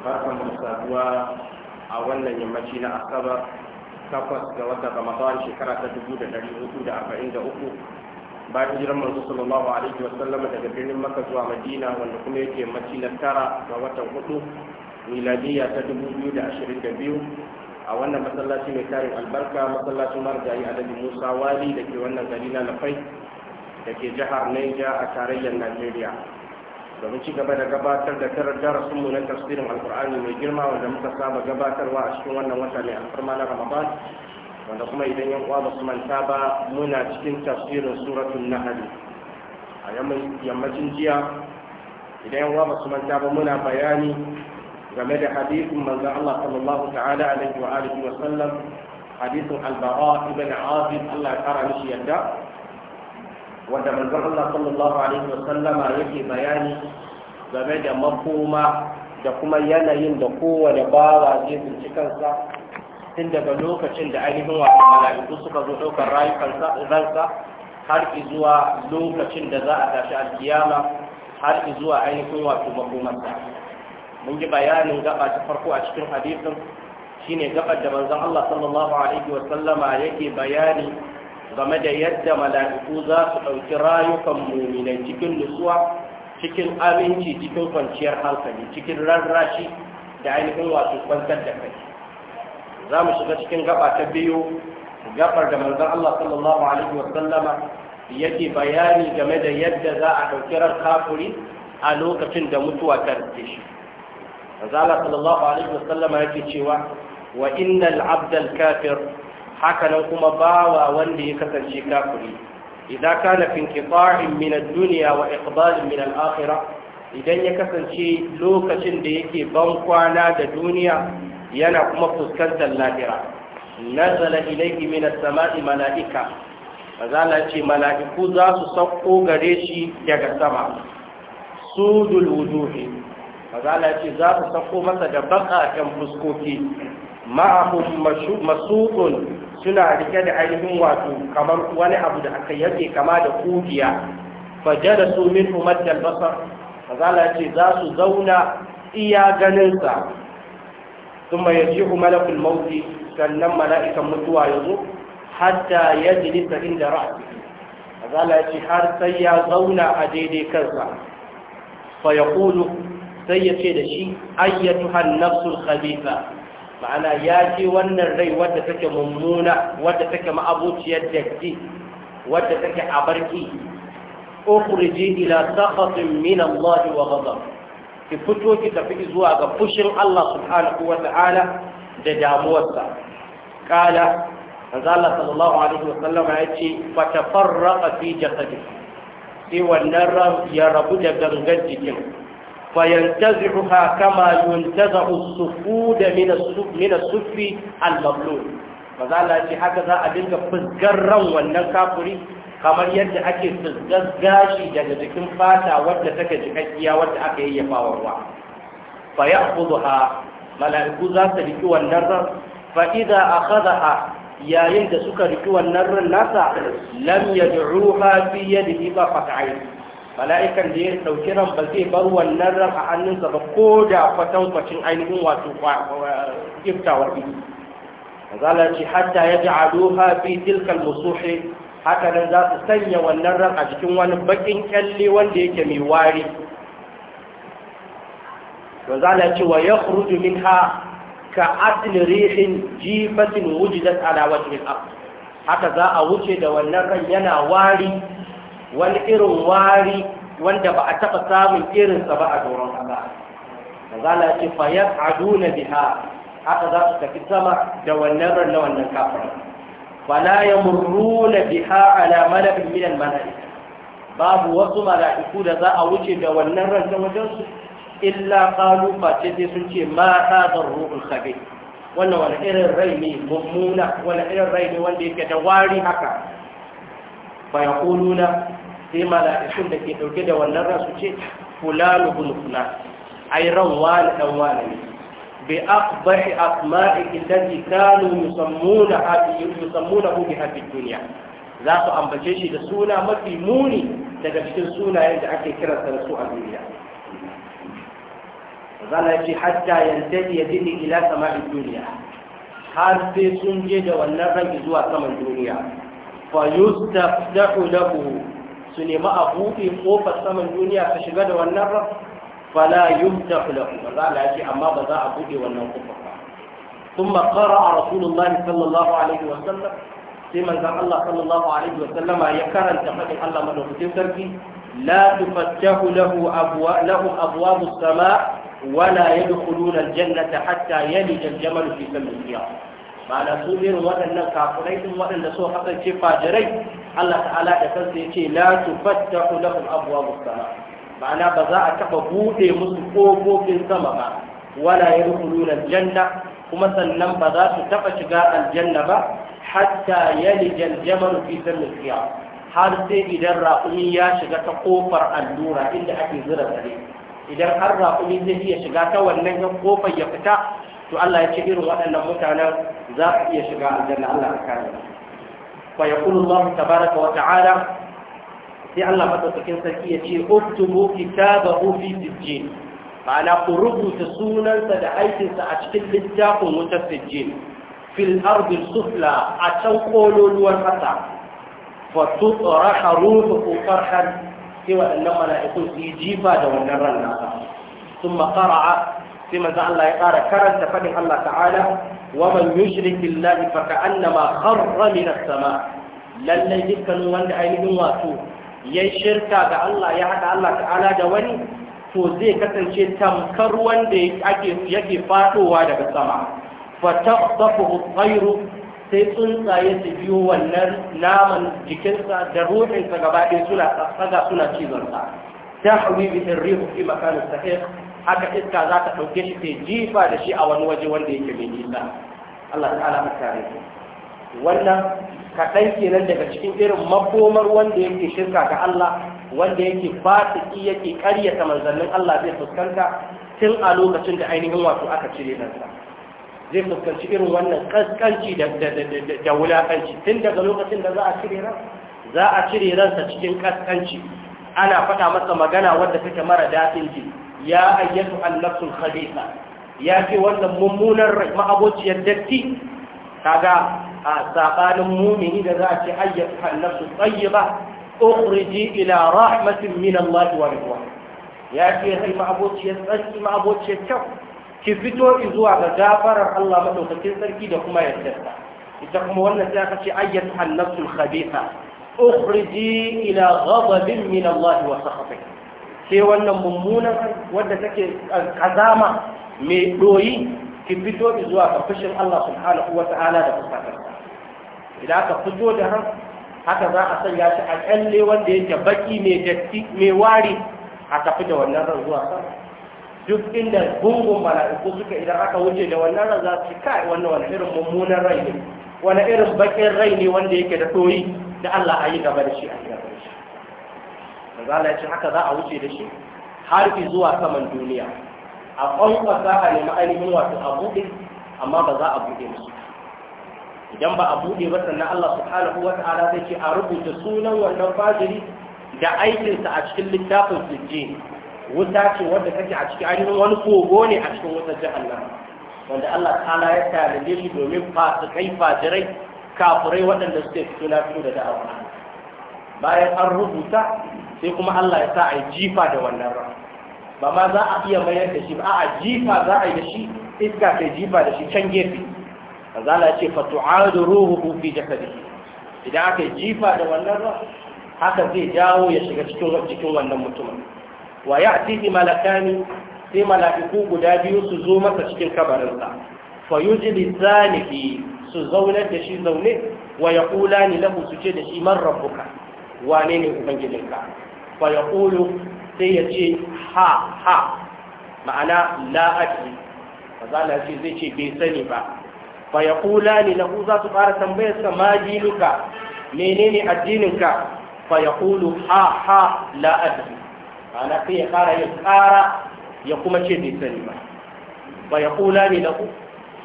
barkan mu saduwa a wannan yammaci na asabar takwas ga watan ramadan shekara ta dubu da ɗari hudu da arba'in da uku bayan jiran manzo sallallahu alaihi wa daga birnin maka zuwa madina wanda kuma yake yammaci na tara ga watan hudu miladiyya ta dubu biyu da ashirin da biyu a wannan masallaci mai tarin albarka masallacin marjayi adadin musa wali da ke wannan gari na lafai da ke jihar naija a tarayyar najeriya domin ci gaba da gabatar da karar darasinmu na tafsirin alkur'ani mai girma wanda muka saba gabatarwa a cikin wannan wata mai alfarma na ramadan wanda kuma idan yan uwa ba su manta ba muna cikin tafsirin suratul nahl a yammacin jiya idan yan uwa ba su manta ba muna bayani game da hadisin manzo Allah sallallahu ta'ala alaihi wa alihi wa sallam hadisin al-bara ibn azib Allah ya kara mishi yadda wanda manzon Allah sallallahu alaihi wasallama yake bayani game da makoma da kuma yanayin da kowane bawa zai tsinci kansa tun daga lokacin da ainihin wasu mala'iku suka zo ɗaukar rayukansa ransa har zuwa lokacin da za a tashi alkiyama har zuwa ainihin wasu makomansa. mun yi bayanin gaba ta farko a cikin hadisin shine gabar da manzon Allah sallallahu alaihi wa sallama yake bayani game da yadda mala'iku za su ɗauki rayukan muminai cikin nutsuwa cikin aminci cikin kwanciyar hankali cikin rarrashi da ainihin wasu kwantar da kai za mu shiga cikin gaba ta biyu gabar da manzon Allah sallallahu alaihi wa sallama yake bayani game da yadda za a ɗauki ran kafuri a lokacin da mutuwa ta rike shi Allah sallallahu alaihi wa sallama yake cewa wa innal abdal kafir hakanan kuma bawa wanda ya kasance kafiri idan kana fi inqita'in min ad-dunya wa iqbalin min al-akhirah idan ya kasance lokacin da yake ban kwana da duniya yana kuma fuskantar lahira nazala ilayhi min as-sama'i mala'ika azala ce mala'iku za su sauko gare shi daga sama sudul wujuhi azala ce za su sauko masa da kan fuskoki ma'ahum masudun suna rike da ainihin wato kamar wani abu da aka yake kama da kugiya fajara su min umaddal basar ce za su zauna iya ganin sa kuma yajihu malakul mauti sannan mala'ikan mutuwa yazo hatta yajlisa inda ra'si azala ce har sai ya zauna a daidai kansa fa Kulu sai ya ce da shi ayyatuhan nafsul khabitha ma'ana ya ce wannan rai wadda take mummuna wadda take ma'abuciyar datti wadda take abarki ukhriji ila sakhatin min Allah wa ghadab ki fito ki tafi zuwa ga fushin Allah subhanahu wa ta'ala da damuwarsa kala manzo Allah sallallahu alaihi wa sallam ya ce fa tafarraqa fi jasadihi sai wannan ran ya rabu da gangan jikin فينتزعها كما ينتزع الصفود من الصف من الصف المبلول maza Allah ce haka za a dinga fuskar wannan kafuri kamar yadda ake fuskar gashi daga jikin fata wadda take jikakkiya wadda aka yayyafa wa ruwa fa ya'khudha mala'iku za su riki wannan ran fa idza akhadha yayin da suka riki wannan ran nasa lam yad'uha fi yadihi ba fata'ai mala'ikan da ya ɗauki ran ba zai bar wannan ran a hannunsa ba ko da kwatankwacin ainihin wato giftawar ido zala hatta ya ji aduha fi tilkal musuhi haka nan za su sanya wannan ran a cikin wani bakin kyalle wanda yake mai wari to zala wa ya kurudu min ka asin rihin jifatin wujidat ala haka za a wuce da wannan ran yana wari wani irin wari wanda ba a taɓa samun irinsa ba a doron Allah mazala ya ce fayar aduna biha haka za su tafi sama da wannan ran na wannan kafin fala ya murruna biha ala mala'in minan mala'ika babu wasu mala'iku da za a wuce da wannan ran ta wajensu illa qalu fa sai sun ce ma hadar ruhul khabith wannan wani irin rai ne mummuna wani irin rai ne wanda yake da wari haka fayaquluna sai mala'ikun da ke dauke da wannan ran ce fulanu bin fulan ai ran wani dan wani ne bi aqbahi asma'i allati kanu yusammuna hadi yusammuna bi hafi dunya za su ambace shi da suna mafi muni daga cikin sunayen da ake kiransa da su a duniya zana ce hatta yantaji ya ila sama'in duniya har sai sun je da wannan rangi zuwa saman duniya fa yustaftahu lahu su nemi a buɗe kofar saman duniya ka shiga da wannan ran fala yumtahu lahu ba za ya ce amma ba za a buɗe wannan kofar ba ثم قرأ رسول sallallahu صلى wa عليه وسلم sai manzon Allah sallallahu alaihi wa sallama ya karanta fadin Allah madaukakin sarki la tufattahu lahu abwa lahu abwabu sama wala yadkhuluna aljannata hatta yalija aljamal fi sammi al ma'ana su irin waɗannan kafirai din waɗanda so kasance fajirai Allah ta'ala da kansa yace la tufattahu lahum abwabus sama ma'ana ba za a taba bude musu kofofin sama ba wala yadkhuluna aljanna kuma sannan ba za su taba shiga aljanna ba hatta yalija aljamal fi sammil qiyam har sai idan raƙumi ya shiga ta kofar allura inda ake zira tsare idan har raƙumi zai iya shiga ta wannan kofar ya fita to Allah ya ce irin waɗannan mutanen za su iya shiga aljanna Allah ya kare fa yaqulu Allah tabaraka wa ta'ala sai Allah madaukakin sarki ya ce uktubu kitabahu fi sijjin ma'ana ku rubuta sunansa da aikinsa a cikin littafin wutar sijjin fil ardi sufla a can kololuwar ƙasa fa tutraha ruhu farhan sai waɗannan mala'ikun su jifa da wannan ran nasa ثم قرأ sai manzo Allah ya ƙara karanta fadin Allah ta'ala wa man yushrik billahi fa ka'annama kharra min as-sama lallai dukkanin wanda ainihin wato ya shirka ga Allah ya haɗa Allah ta'ala da wani to zai kasance tamkar wanda yake faɗowa daga sama fa taqtafu ghayru sai tsuntsaye su biyo wannan naman jikinsa da ruhinsa gaba ɗaya suna tsaga suna cizon sa. ta hawi bihin rihu fi makanin sahiq haka iska za ta ɗauke shi ta jifa da shi a wani waje wanda yake mai nisa Allah ta'ala mu kare wannan kaɗan kenan daga cikin irin makomar wanda yake shirka ga Allah wanda yake fasiki yake ƙaryata manzannin Allah zai fuskanta tun a lokacin da ainihin wato aka cire sa. zai fuskanci irin wannan ƙasƙanci da wulaƙanci tun daga lokacin da za a cire nan, za a cire ransa cikin ƙasƙanci ana faɗa masa magana wadda take mara daɗin ji ya ayyatu annafsul khabisa ya ce wannan mummunan rai ma'abociyar datti kaga a sabanin mumini da za a ce ayyatu annafsul tayyiba ukhriji ila rahmatin min Allah wa ridwan ya ce rai ma'abociyar tsarki ma'abociyar kyau ki fito zuwa ga gafarar Allah madaukakin sarki da kuma yardarsa ita kuma wannan sai aka ce ayyatu annafsul khabisa ukhriji ila ghadabin min Allah wa sakhatih ke wannan mummunan wadda take kazama mai doyi ki fito zuwa ga fushin Allah subhanahu wa ta'ala da fuskatar idan aka fito da ran haka za a sanya shi a kyalle wanda yake baki mai datti mai wari a tafi da wannan ran zuwa sama duk inda gungun mala'iku suka idan aka wuce da wannan ran za su kai wannan wani irin mummunan rai ne wani irin bakin rai ne wanda yake da doyi da Allah a yi gaba da shi a gaba da shi manzo Allah ya ce haka za a wuce da shi har fi zuwa saman duniya a za a nemi ainihin wato a buɗe amma ba za a buɗe musu idan ba a buɗe ba sannan Allah subhanahu wa ta'ala zai ce a rubuta sunan wannan fajiri da aikinsa a cikin littafin sujje wuta ce wadda take a cikin ainihin wani kogo ne a cikin wutar jahannama wanda Allah ta'ala ya tanaje shi domin fasikai fajirai kafirai waɗanda suke fito na fito da da'awa bayan an rubuta sai kuma Allah ya sa a yi jifa da wannan ran ba ma za a iya mayar da shi ba a jifa za a yi da shi iska ta jifa da shi can gefe manzala ya ce fa tu'adu ruhu fi jasadihi idan aka yi jifa da wannan ran haka zai dawo ya shiga cikin wannan mutumin wa ya'tihi malakani sai mala'iku guda biyu su zo masa cikin kabarinsa fa yujli zalihi su zaunar da shi zaune wa yaqulani lahu su ce da shi man rabbuka wane ne ubangijinka fa ya sai ya ce ha ha ma'ana la'adri ba za na ce zai ce bai sani ba fa kula ne na za su fara tambayar sa ma menene addininka fa kulu ha ha la'adri ma'ana sai ya fara yin kara ya kuma ce bai sani ba fa kula ne na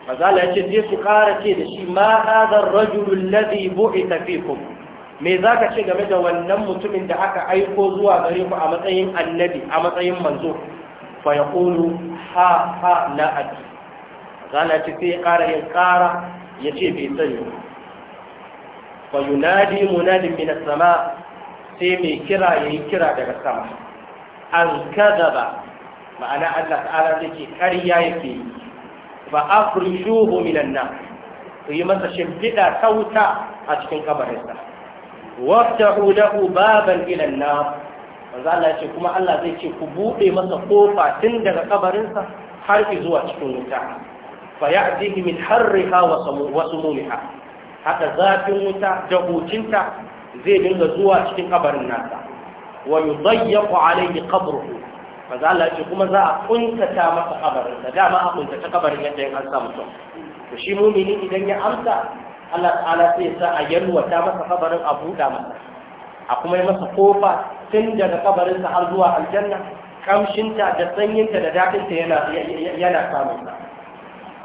ba za na ce zai su kara ce da shi ma hadar rajulun ladhi tafi fikum me za ka ce game da wannan mutumin da aka aiko zuwa gare ku a matsayin annabi a matsayin manzo fa ya ƙulu ha ha na aji zana ce sai ya ƙara ya ƙara ya ce bai sani fa yunadi munadin mina sama sai mai kira ya yi kira daga sama an kada ba. ma'ana Allah ta'ala zai ce ƙarya ke yi fa afrishuhu minan nan ku yi masa shimfiɗa ta a cikin kabarinsa waftahu lahu baban ila an-nar manzo Allah ce kuma Allah zai ce ku bude masa kofa tun daga kabarinsa har zuwa cikin wuta fa ya'tihi min harriha wa sumumiha haka zafin wuta da hucinta zai dinga zuwa cikin kabarin nasa wa yudayyaqu alayhi qabruhu manzo Allah ya ce kuma za a kuntata masa kabarinsa dama a kuntata kabarin yadda ya an mutum to shi mumini idan ya amsa Allah ta'ala sai sa a yalwata masa kabarin a buɗa masa a kuma yi masa kofa tun daga kabarinsa har zuwa aljanna kamshinta da sanyinta da daɗinta yana yana samun sa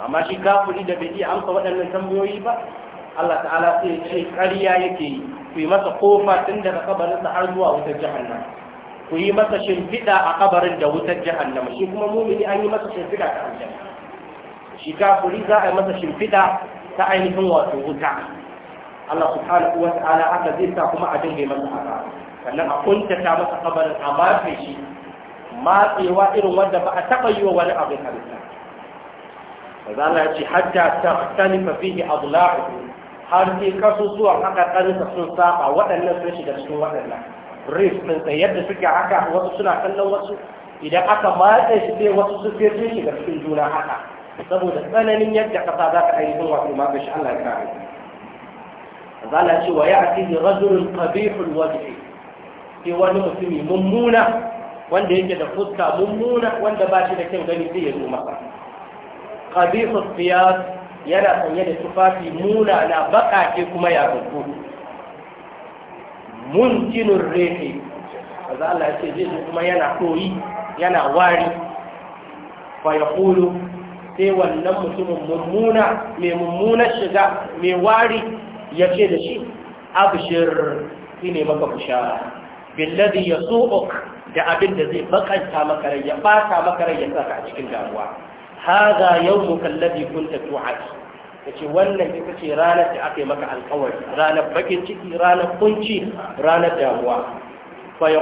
amma shi kafuri da bai iya amsa waɗannan tambayoyi ba Allah ta'ala sai ce ƙarya yake yi ku yi masa kofa tun daga kabarinsa har zuwa wutar jahannama ku yi masa shimfiɗa a kabarin da wutar jahannama shi kuma mumini an yi masa shimfiɗa ta aljanna shi kafuri za a yi masa shimfiɗa ta ainihin wato wuta Allah subhanahu wa ta'ala aka zai sa kuma abin bai masa haka sannan a kuntata masa kabarin a mafi shi matsewa irin wanda ba a taba yi wa wani abin halitta maza Allah ya ce hatta ta fihi adla'u har sai kasusuwan haka ƙarinsa sun saba waɗannan sun shiga cikin waɗannan rif sai yadda suke haka wasu suna kallon wasu idan aka matsa shi sai wasu su sai sun shiga cikin juna haka saboda tsananin yadda kasa za ka ainihin wato shi Allah ya kare zala ce wa ya ya'tihi rajulun qabihul wajhi sai wani mutumi mummuna wanda yake da fuska mummuna wanda ba shi da kyan gani zai yi zo masa qabihul yana sanye da tufafi muna na ke kuma ya rubu munkinur rihi kaza Allah ce zai kuma yana koyi yana wari fa sai wannan mutumin mummuna mai mummunar shiga mai wari ya ce da shi abshir shi ne maka bushara billadi ya so'ok da abin da zai bakanta makarai ya bata makarai ya saka a cikin damuwa Haga yau mukallabi kunta tu'ati ya ce wannan ita ce ranar da aka yi maka alkawari ranar bakin ciki ranar kunci ranar damuwa fa ya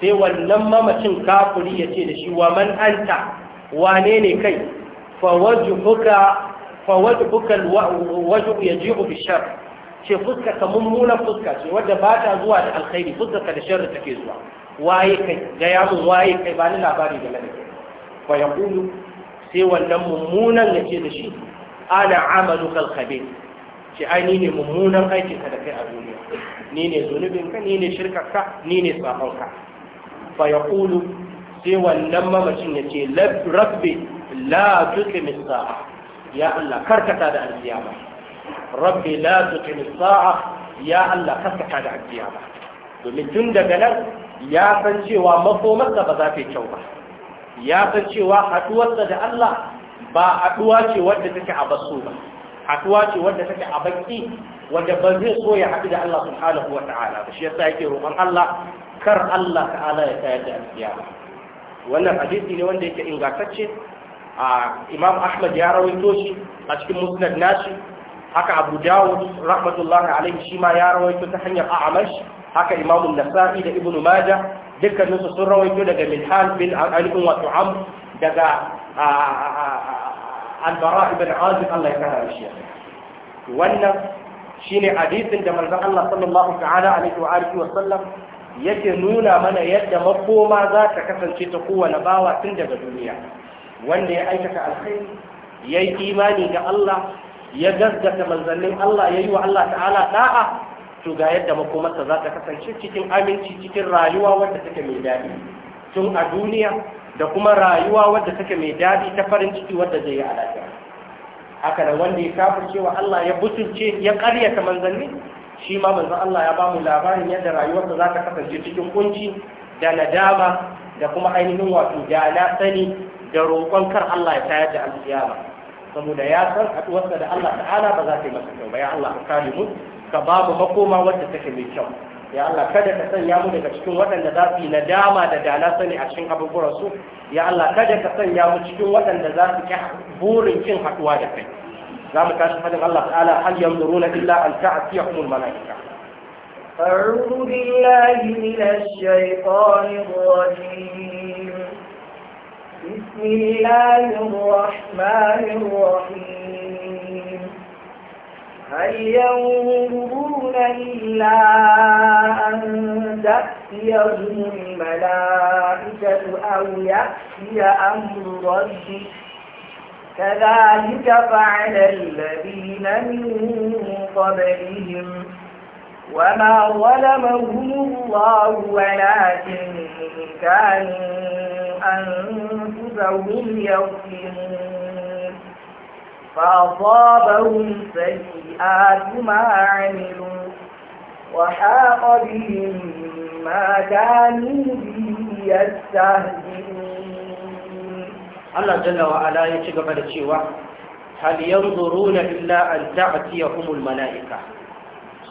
sai wannan mamacin kafuri ya ce da shi wa man anta wane ne kai فوجهك الوجه يجيء بالشر ce fuska ka mummunan fuska ce wadda ba ta zuwa da alkhairi fuska ka da sharri take zuwa waye kai ga yamu waye kai ba ni labari da lalace fa yaqulu sai wannan mummunan yace da shi ana amaluka alkhabith ce ai ni ne mummunan aikin ka da kai a duniya ni ne zunubin ka ni ne shirka ka ni ne safon ka fa yaqulu sai wannan mamacin yace rabbi la tuqimi ya Allah karkata da alkiyama rabbi la tuqimi ya Allah karkata da alkiyama domin tun daga nan ya san cewa makomarsa ba za ta yi kyau ba ya san cewa haduwarsa da Allah ba haduwa ce wadda take a basu ba haduwa ce wadda take a baki wadda ba zai so ya haɗu da Allah subhanahu wa ta'ala ba shi yasa yake roƙon Allah kar Allah ta'ala ya tayar da alkiyama wannan hadisi ne wanda yake ingantacce imam ahmad ya rawaito shi a cikin musnad nashi haka abu dawud rahmatullahi alaihi shi ma ya rawaito ta hanyar a'amash haka imam nasa'i da ibnu maja dukkanin su sun rawaito daga milhan bin alibin wato am daga albara ibn azib Allah ya kara shi wannan shine hadisin da manzon Allah sallallahu ta'ala alaihi wa alihi wa sallam yake nuna mana yadda makoma za ta kasance ta kowane bawa tun daga duniya wanda ya aikata alkhairi ya yi imani ga Allah ya gaskata manzannin Allah ya yi wa Allah ta'ala da'a to ga yadda makomarsa za ta kasance cikin aminci cikin rayuwa wadda take mai daɗi tun a duniya da kuma rayuwa wadda take mai daɗi ta farin ciki wadda zai yi a lafiya haka da wanda ya kafa cewa Allah ya butulce ya ƙaryata manzanni shi ma manzon Allah ya bamu labarin yadda rayuwarsa za ta kasance cikin kunci da nadama da kuma ainihin wato da na sani da roƙon kar Allah ya tayar da alƙiyama saboda ya san haɗuwarsa da Allah ta'ala ba za ta yi masa kyau ba ya Allah ka kare mu ka ba mu makoma wacce take mai kyau ya Allah kada ka sanya mu daga cikin waɗanda za su yi nadama da dana sani a cikin abubuwan su ya Allah kada ka sanya mu cikin waɗanda za su ƙi burin kin haɗuwa da kai za mu tashi fadin Allah ta'ala hal yanzuruna illa an ta'tiyahumul malaika أعوذ بالله من الشيطان الرجيم بسم الله الرحمن الرحيم هل ينظرون إلا أن تأتيهم الملائكة أو يأتي أمر ربك كذلك فعل الذين من قبلهم وما ظلمهم الله ولكن كانوا أنفسهم يظلمون فأصابهم سيئات ما عملوا وحاق بهم ما كانوا به يستهزئون الله جل وعلا يتقبل الشيوع هل ينظرون إلا أن تأتيهم الملائكة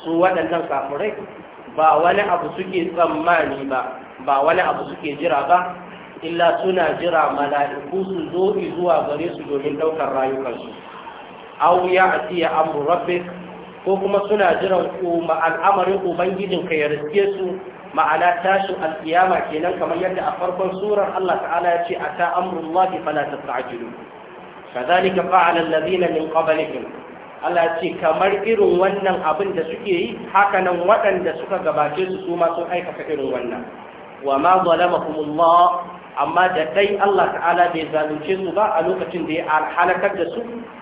سوى أن تنقى ba wani abu suke tsammani ba ba wani abu suke jira ba illa suna jira mala'iku su zo zuwa gare su domin ɗaukar rayukansu aw ya atiya amru rabbik ko kuma suna jiran al'amarin ubangijin ka ya riske su ma'ana tashin alkiyama kenan kamar yadda a farkon surar Allah ta'ala ya ce ata amrullahi fala tasta'jilu kadhalika fa'ala alladhina min qablikum Allah ya ce kamar irin wannan abin da suke yi haka nan waɗanda suka gabace su su ma sun aikata irin wannan wa ma zalamahumullah amma da dai Allah ta'ala bai zalunce su ba a lokacin da ya halakar da su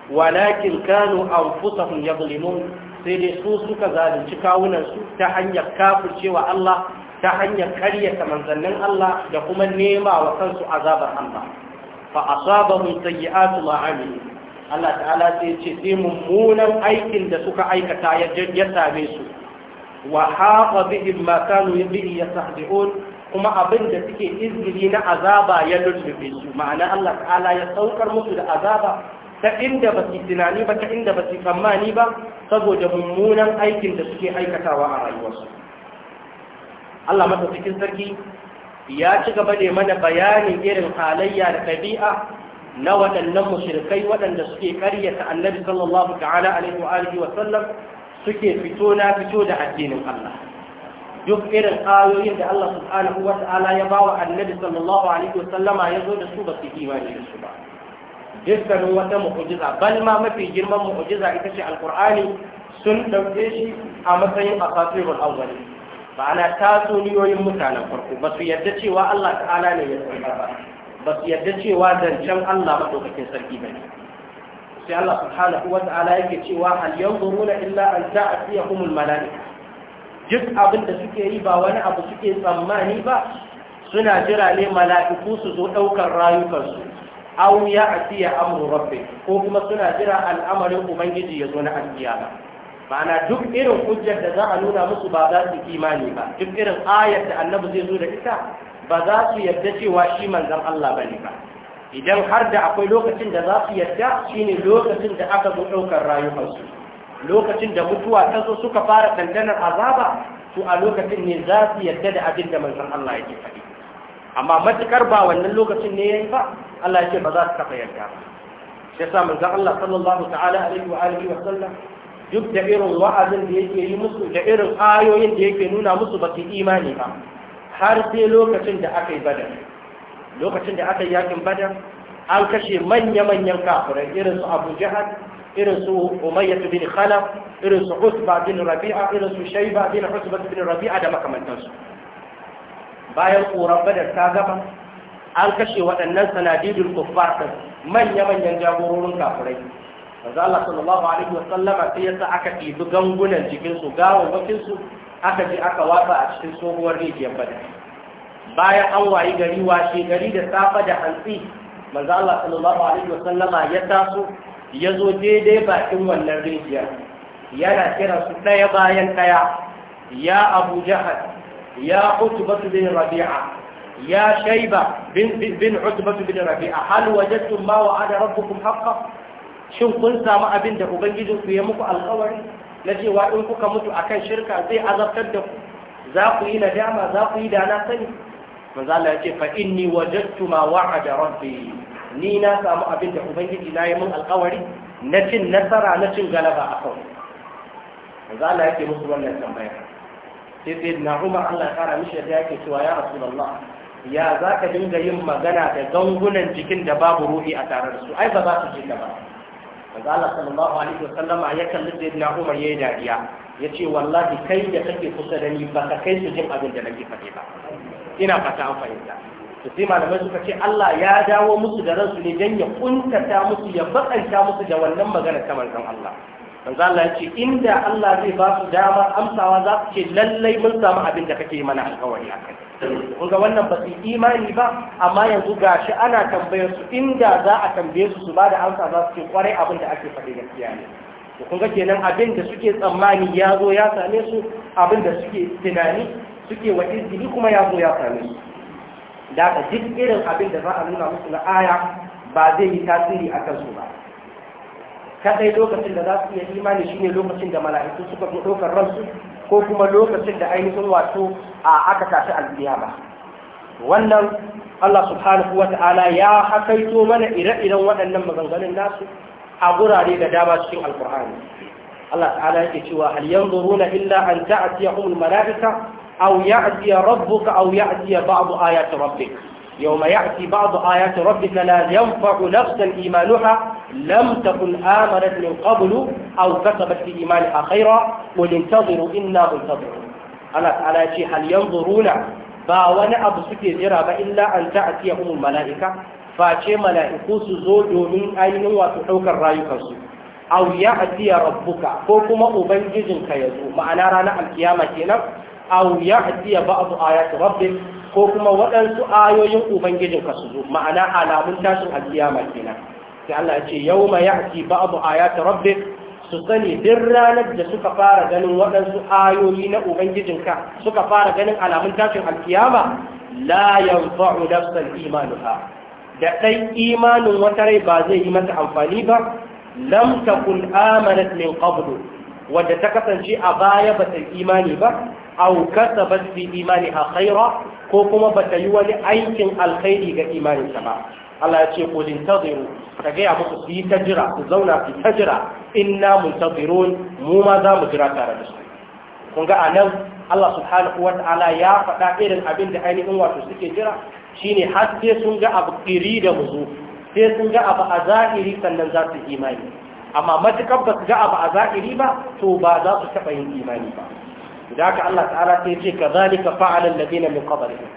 walakin kanu anfusahum yadhlimun sai dai su suka zalunci kawunan su ta hanyar kafircewa Allah ta hanyar karyata manzannin Allah da kuma nema wa kansu azabar Allah fa asabahum sayyi'atu ma amilu Allah ta'ala sai ce sai mummunan aikin da suka aikata ya same su wa haqa bihim ma kanu bihi yastahzi'un kuma abin da suke izgiri na azaba ya lullube su ma'ana Allah ta'ala ya saukar musu da azaba ta inda ba su tunani ba ta inda ba su tsammani ba saboda mummunan aikin da suke aikatawa a rayuwarsu Allah masa cikin sarki ya ci gaba da mana bayanin irin halayya da ɗabi'a na waɗannan mushrikai waɗanda suke karyata annabi sallallahu ta'ala alaihi wa alihi wa sallam suke fito na fito da addinin Allah duk irin ayoyin da Allah subhanahu wa ta'ala ya bawa annabi sallallahu alaihi wasallama ya zo da su ba su imani da su ba dukkanin wata mu'ujiza bal ma mafi girman mu'ujiza ita ce alqur'ani sun dauke shi a matsayin asatirul awwali ma'ana tatsuniyoyin mutanen farko ba su yarda cewa Allah ta'ala ne ya tsarkar ba ba su yarda cewa zancen Allah madaukakin sarki ba ne sai Allah subhanahu wa ta'ala yake cewa hal yanzuruna illa an ta'atiyahumul mala'ika duk abin da suke yi ba wani abu suke tsammani ba suna jira ne mala'iku su zo ɗaukar rayukansu aw ya atiya amru rabbi ko kuma suna jira al'amarin ubangiji ya zo na alkiyama ma'ana duk irin hujjar da za a nuna musu ba za su kimani ba duk irin ayar da annabi zai zo da ita ba za su yarda cewa shi manzon Allah bane ba idan har da akwai lokacin da za su yarda shine lokacin da aka zo ɗaukar rayukansu lokacin da mutuwa ta zo suka fara dandanar azaba to a lokacin ne za su yarda da abin da manzon Allah yake faɗi amma matukar ba wannan lokacin ne yi ba Allah ce ba za su kafa yarda ba shi yasa manzon Allah sallallahu ta'ala alaihi wa alihi wa sallam duk da irin wa'azin da yake yi musu da irin ayoyin da yake nuna musu ba su imani ba har sai lokacin da aka yi badar lokacin da aka yi yakin badar an kashe manya-manyan kafirai irin su abu jihar irin su umayyah bin khalaf irin su usba bin rabi'a irin su shayba bin usba bin rabi'a da makamantansu bayan koran badar ta gaba an kashe waɗannan sanadidul kuffar din manya-manyan jagororin kafirai Maza Allah sallallahu alaihi wa sallama sai ya sa aka ɗibi gangunan jikinsu su gawon su aka je aka watsa a cikin tsohuwar rijiyar badar bayan an wayi gari washe gari da safa da hantsi maza Allah sallallahu alaihi wa sallama ya taso ya zo daidai bakin wannan rijiya. yana kira su ɗaya bayan ɗaya ya abu jahal ya utubatu bin rabi'a ya shaiba bin utubatu bin rabi'a hal wajadtum ma wa'ada rabbukum haqqan shin kun samu abin da ku ya muku alkawari na cewa in kuka mutu akan shirka zai azabtar da ku za ku yi nadama za ku yi dana sani manzo Allah ya ce fa inni wajadtu ma wa'ada rabbi ni na samu abin da ubangiji na yi min alkawari na cin nasara na cin galaba a kan yanzu Allah yake musu wannan tambaya sai sai na Umar Allah ya kara mishi da yake cewa ya Rasulullah ya za ka dinga yin magana da gangunan jikin da babu ruhi a tare da su ai ba za su ji ka ba manzo Allah sallallahu alaihi wa wasallam ya kalli sayyidina Umar yayi dariya ce wallahi kai da kake kusa da ni ba ka kai su jin abin da nake faɗi ba ina fata an fahimta to sai malamai suka ce Allah ya dawo musu da ransu ne don ya kuntata musu ya bakanta musu da wannan magana ta manzon Allah manzo Allah ya ce inda Allah zai ba su dama amsawa za su ce lallai mun samu abin da kake mana alkawari a kai kun ga wannan ba su imani ba amma yanzu gashi ana tambayar su inda za a tambaye su su ba da amsa za su ce kwarai abin da ake faɗi gaskiya ne kun ga kenan abin da suke tsammani ya zo ya same su abin da suke tunani suke wa izini kuma ya zo ya same su da ka duk irin abin da za a nuna musu na aya ba zai yi tasiri a kansu ba kadai lokacin da za su iya imani shine lokacin da mala'iku suka fi ɗaukar ransu ko kuma lokacin da ainihin wato a aka tashi alƙiyama wannan Allah subhanahu wa ta'ala ya hakaito mana ire-iren waɗannan maganganun nasu a gurare da dama cikin alƙur'ani Allah ta'ala yake cewa hal yanzuruna illa an ta'tiyahum al-mala'ika أو يأتي ربك أو يأتي بعض آيات ربك يوم يأتي بعض آيات ربك لا ينفع نفسا إيمانها لم تكن آمنت من قبل أو كسبت في إيمانها خيرا قل انتظروا إنا منتظرون الله تعالى شيء هل ينظرون باوانا أبو سكي جرب إلا أن تأتيهم الملائكة فاشي ملائكو سزو دومين أين وتحوك الرايكا أو يأتي ربك فوكما أبنجزنك يزو معنا رانا القيامة كنا aw yahdiya ba'du ayati rabbik ko kuma waɗansu ayoyin ka su zo ma'ana alamun tashin alkiyama kenan sai Allah ya ce yawma yahdi ba'du ayati rabbik su sani duk ranar da suka fara ganin waɗansu ayoyi na ka suka fara ganin alamun tashin alkiyama la yanfa'u nafsan imanuha da ɗan imanin wata rai ba zai yi mata amfani ba lam takun amanat min qablu wadda ta kasance a baya ba ta imani ba aw kasabat fi imaniha khaira ko kuma bata yi wani aikin alkhairi ga ta ba Allah ya ce qul intaziru ka gaya musu ku yi ta jira zauna fi ta jira inna muntadirun mu ma za mu jira tare da su kun ga anan Allah subhanahu wa ya faɗa irin abin da ainihin wato suke jira shine har sai sun ga abu kiri da muzu sai sun ga abu a zahiri sannan za su imani amma matukar ba su ga abu a zahiri ba to ba za su taɓa yin imani ba da haka Allah ta'ala ta ce ka zalika fa'alan ladina min qablihim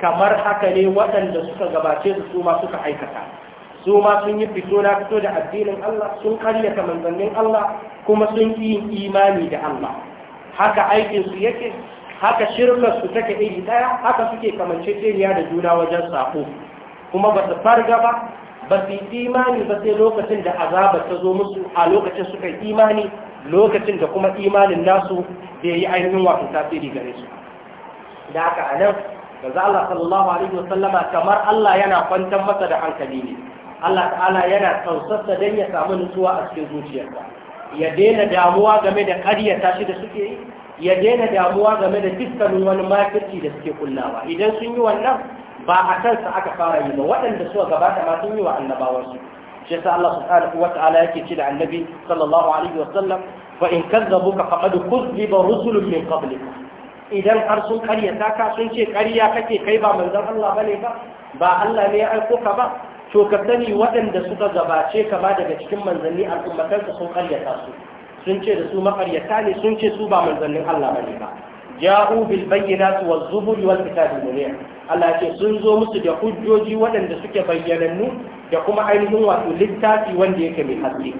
kamar haka ne waɗanda suka gabace su su suka aikata su ma sun yi fito na fito da addinin Allah sun karyata manzannin Allah kuma sun yi imani da Allah haka aikinsu yake haka shirkar su take iri ɗaya? haka suke kamanceceniya da juna wajen sako kuma ba su farga ba ba su yi imani ba sai lokacin da azaba ta zo musu a lokacin suka imani lokacin da kuma imanin nasu da ya yi ainihin wasu tasiri gare su da aka anan da da Allah sallallahu alaihi wasallama kamar Allah yana kwantar masa da hankali ne Allah ta'ala yana tausarsa don ya samu nutsuwa a cikin zuciyarsa ya daina damuwa game da ƙaryata shi da suke yi ya daina damuwa game da fiskanin wani makirci da suke kullawa idan sun yi wannan ba a kansa aka fara yi ba waɗanda suka gabata ma sun yi wa annabawarsu shi yasa Allah subhanahu wa ta'ala yake ce da annabi sallallahu alaihi wa sallam fa in kadzabuka faqad kuzziba rusulun min qablik idan har sun karyata ka sun ce karya kake kai ba manzon Allah bane ba ba Allah ne ya aiko ka ba to ka sani waɗanda suka gabace ka ba daga cikin manzanni al'ummatanka sun karyata su sun ce da su makaryata ne sun ce su ba manzannin Allah bane ba ja'u bil bayyinati waz zubur wal kitabil munir Allah ce sun zo musu da hujjoji waɗanda suke bayyanannu da kuma ainihin wato littafi wanda yake mai haske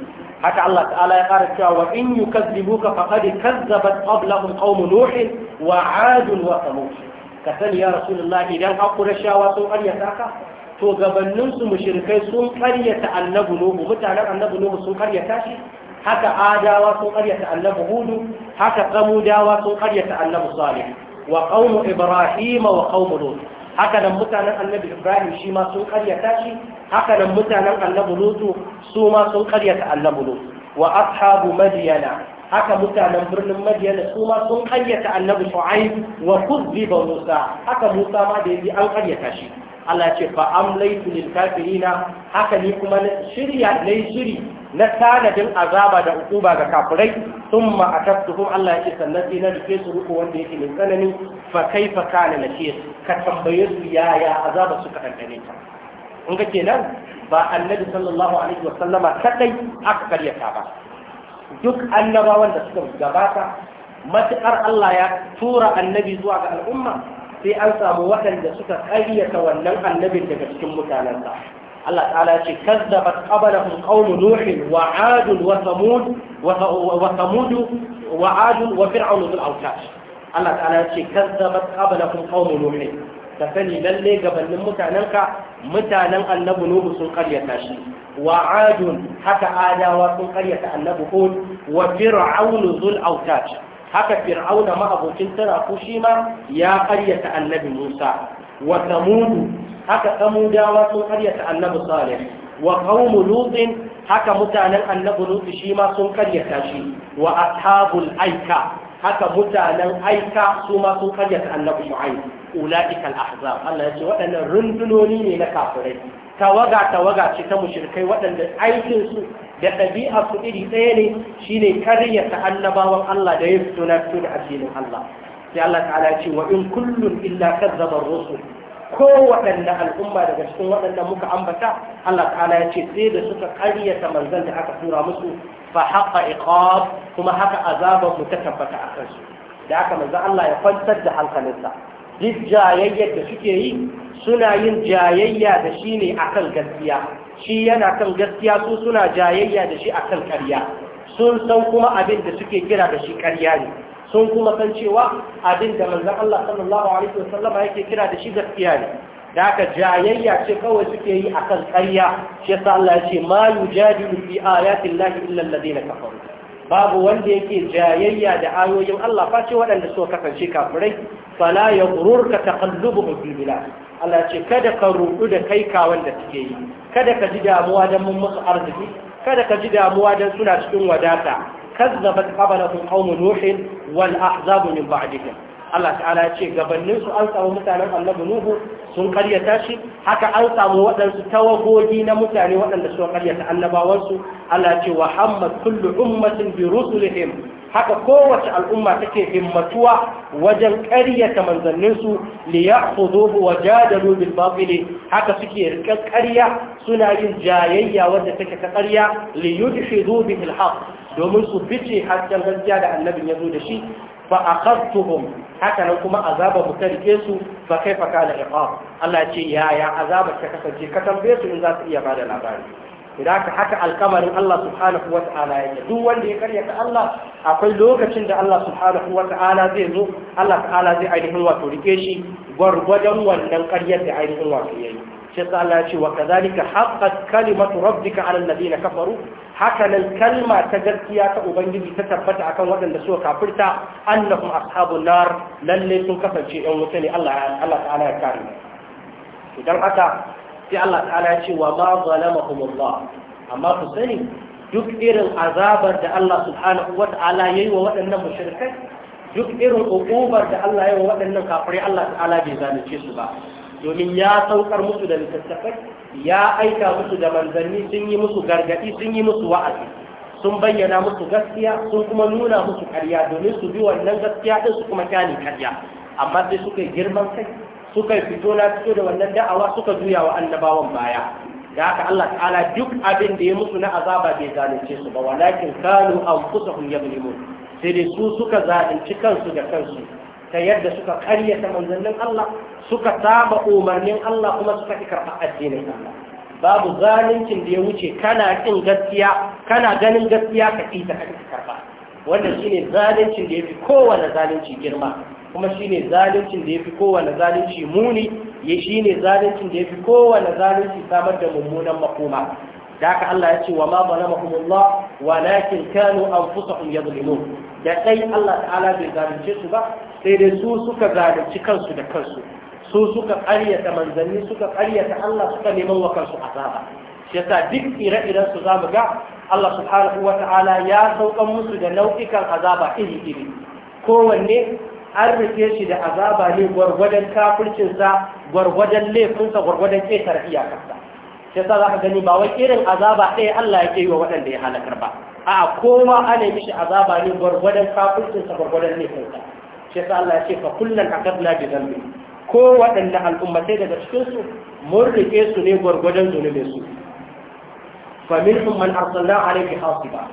haka Allah ta'ala ya fara cewa wa in yukazzibuka faqad kazzabat qablahum qaum nuh wa 'ad wa thamud ka sani ya rasulullah idan shawa sun karyata ka to gabanin mushrikai sun karyata annabi nuhu mutanen annabi nuhu sun karya shi haka adawa sun ƙaryata annabi hudu haka dawa sun ƙaryata annabi salih wa qaumu ibrahima wa qaumu lut haka nan mutanen annabi ibrahim shi ma sun ƙaryata shi haka nan mutanen annabi lutu su ma sun ƙaryata annabi lut wa ashabu madyana haka mutanen birnin madiyana su ma sun ƙaryata annabi shu'aib wa kuzziba musa haka musa ma da yaji an ƙaryata shi Allah ce fa amlaytu lil kafirina haka ni kuma shirya nayi shiri na tanadin azaba da hukuma ga kafirai sun kuma Allah ya ce sannan sai na rufe su ruku wanda yake mai tsanani fa kai fa kana na ce ka tambaye su yaya azaba suka ɗanɗane ta in ga kenan ba annabi sallallahu alaihi wa sallama kadai aka karyata ba duk annabawan da suka gabata matuƙar Allah ya tura annabi zuwa ga al'umma sai an samu waɗanda suka karyata wannan annabin daga cikin mutanensa Allah ta'ala ce kazzabat qablahum qawmu nuh wa 'ad wa thamud wa thamud wa 'ad wa fir'aun fil awtad Allah ta'ala ce kazzabat qablahum qawmu nuh ka sani lalle gabanin mutanenka mutanen annabi nuhu sun karyata shi wa adun haka adawa sun karyata annabi hud wa fir'aunu zul autat haka fir'auna ma abokin tara ko shi ma ya karyata annabi musa wa samudu haka samudawa sun karyata annabi salih wa qaumu lutin haka mutanen annabi lutu shi ma sun karyata shi wa ashabul aika haka mutanen aika su ma sun karyata annabi shu'aib ulaika al-ahzab Allah ya ce waɗannan rundunoni ne na kafirai tawaga tawaga ce ta mushrikai waɗanda aikin su da ɗabi'a su iri ɗaya ne shine karyata annabawan Allah da ya fito na fito da addinin Allah sai Allah ta'ala ya ce wa in kullun illa kazzaba ar-rusul kowaɗanne al'umma daga cikin waɗanda muka ambata Allah ta'ala ya ce sai da suka karyata manzan da aka tura musu fa haƙa iqab kuma haka azaban mu ta tabbata a kansu da aka manzan Allah ya kwantar da hankalinsa duk jayayyar da suke yi suna yin jayayya da shi ne akan gaskiya shi yana kan gaskiya su suna jayayya da shi akan karya, sun san kuma abin da suke kira da shi karya ne sun kuma san cewa abin da manzon Allah sallallahu alaihi wasallama yake kira da shi gaskiya ne da aka jayayya ce kawai suke yi akan ƙarya shi yasa Allah ya ce ma yujadilu fi ayati llahi illa na kafaru babu wanda yake jayayya da ayoyin Allah face waɗanda suka kasance kafirai fala ta taqallubuhum fil bilad Allah ce kada ka rudu da kai kawan da suke yi kada ka ji damuwa don mun musu arziki kada ka ji damuwa dan suna cikin wadata kazzabat qablahum qaum nuh wal ahzab min ba'dihim Allah ta'ala ya ce gabannin su an samu mutanen annabi nuhu sun karyata shi haka an samu waɗansu tawagogi na mutane waɗanda suka karyata annabawansu Allah ya ce wa hammat kullu ummatin bi rusulihim haka kowace al'umma take himmatuwa wajen ƙaryata manzanninsu li ya hudu wa jadalu bil batil haka suke rikar karya suna yin jayayya wanda take ta ƙarya li yudhidu bil haqq domin su fice hasken gaskiya da annabin ya zo da shi fa aqadtuhum haka nan kuma azaba mu ta rike su fa kaifa kana iqab Allah ce ya ya azaba ta kasance ka tambaye su in za su iya bada labari idan ka haka alkamarin Allah subhanahu wata'ala yake duk wanda ya karya ka Allah akwai lokacin da Allah subhanahu ta'ala zai zo Allah ta'ala zai ainihin wato rike shi gwargwadon wannan karyar da ainihin wato yayi sai Allah ya ce wa ka kazalika haqqat kalimatu rabbika ala na kafaru haka nan kalma ta gaskiya ta ubangiji ta tabbata akan waɗanda suka kafirta annahum ashabun nar lalle sun kasance ɗan wuta ne Allah Allah ta'ala ya kare idan haka sai Allah ta'ala ya ce wa ma zalamahumullah amma ku sani duk irin azabar da Allah subhanahu wa ta'ala yayi wa waɗannan mushrikai duk irin ukubar da Allah yayi wa waɗannan kafirai Allah ta'ala bai zalunce su ba domin ya saukar musu da littattafai ya aika musu da manzanni sun yi musu gargaɗi sun yi musu wa'azi sun bayyana musu gaskiya sun kuma nuna musu karya domin su bi wannan gaskiya ɗin su kuma kyanin karya amma sai suka yi girman kai suka yi fito na fito da wannan da'awa suka juya wa annabawan baya da haka Allah ta'ala duk abin da ya musu na azaba bai zalunce su ba walakin kanu anfusahum yadlimun sai dai su suka zalunci kansu da kansu ta yadda suka karyata manzannin Allah suka saba umarnin Allah kuma suka ƙi karɓa addinin Allah babu zaluncin da ya wuce kana ƙin gaskiya kana ganin gaskiya ka ƙi ta karɓa wannan shine zaluncin da ya fi kowane zalunci girma kuma shine zaluncin da ya fi kowane zalunci muni ya shine zaluncin da ya fi kowane zalunci samar da mummunan makoma da haka Allah ya ce wa ma zalamahumullah walakin kanu anfusahum yadhlimun da ɗai Allah ta'ala bai zalunce su ba sai dai su suka zalunci kansu da kansu su suka ƙaryata manzanni suka ƙaryata Allah suka neman wa kansu azaba shi yasa duk ire-iren su zamu ga Allah subhanahu wa ta'ala ya saukan musu da nau'ikan azaba iri-iri kowanne an rufe shi da azaba ne gwargwadon kafircinsa gwargwadon laifinsa gwargwadon ƙetare, iyakarsa shi yasa za ka gani ba wai irin azaba ɗaya Allah ya ke yi wa waɗanda ya halakar ba a kowa ana mishi azaba ne gwargwadon kafircinsa gwargwadon laifinsa shi yasa Allah ya ce fa kullun akadna bi dhanbi ko waɗanne al'ummatai daga cikinsu mun rike su ne gwargwadon zunubin su fa minhum man arsalna alayhi hasiba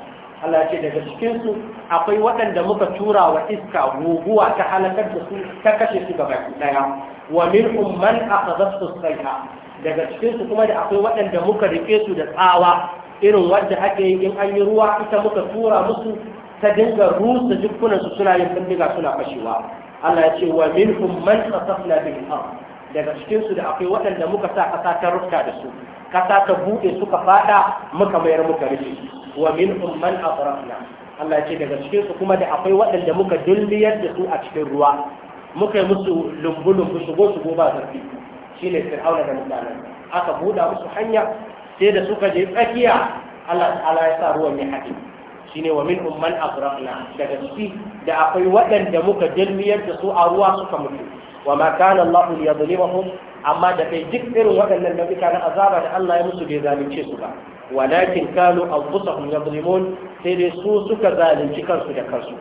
Allah ce daga cikinsu akwai waɗanda muka tura wa iska guguwa ta halakar da su ta kashe su gaba daya wa minhum man akhadhathu sayha daga cikinsu kuma da akwai waɗanda muka rike su da tsawa irin wadda ake yi in an yi ruwa ita muka tura musu ta dinga rusa jikunansu suna yin bindiga suna fashewa Allah ya ce wa minhum man asafna bil ard daga cikin su da akwai waɗanda muka sa kasa ta rufta da su kasa ta bude suka fada muka mayar muka rufe wa minhum man agrafna Allah ya ce daga cikin su kuma da akwai waɗanda muka dulliyar da su a cikin ruwa muka yi musu lumbu lumbu shigo shigo ba zarfi shine fir'auna da mutanen aka buɗa musu hanya sai da suka je tsakiya Allah ta'ala ya sa ruwan ya haɗe shine wa min umman afraqna daga ciki da akwai waɗanda muka jalmiyar da su a ruwa suka mutu wa ma kana Allah liyadhlimahum amma da kai duk irin waɗannan nau'ika na azaba da Allah ya musu bai zalunce su ba walakin kanu anfusahum yadhlimun sai dai su suka zalunci kansu da kansu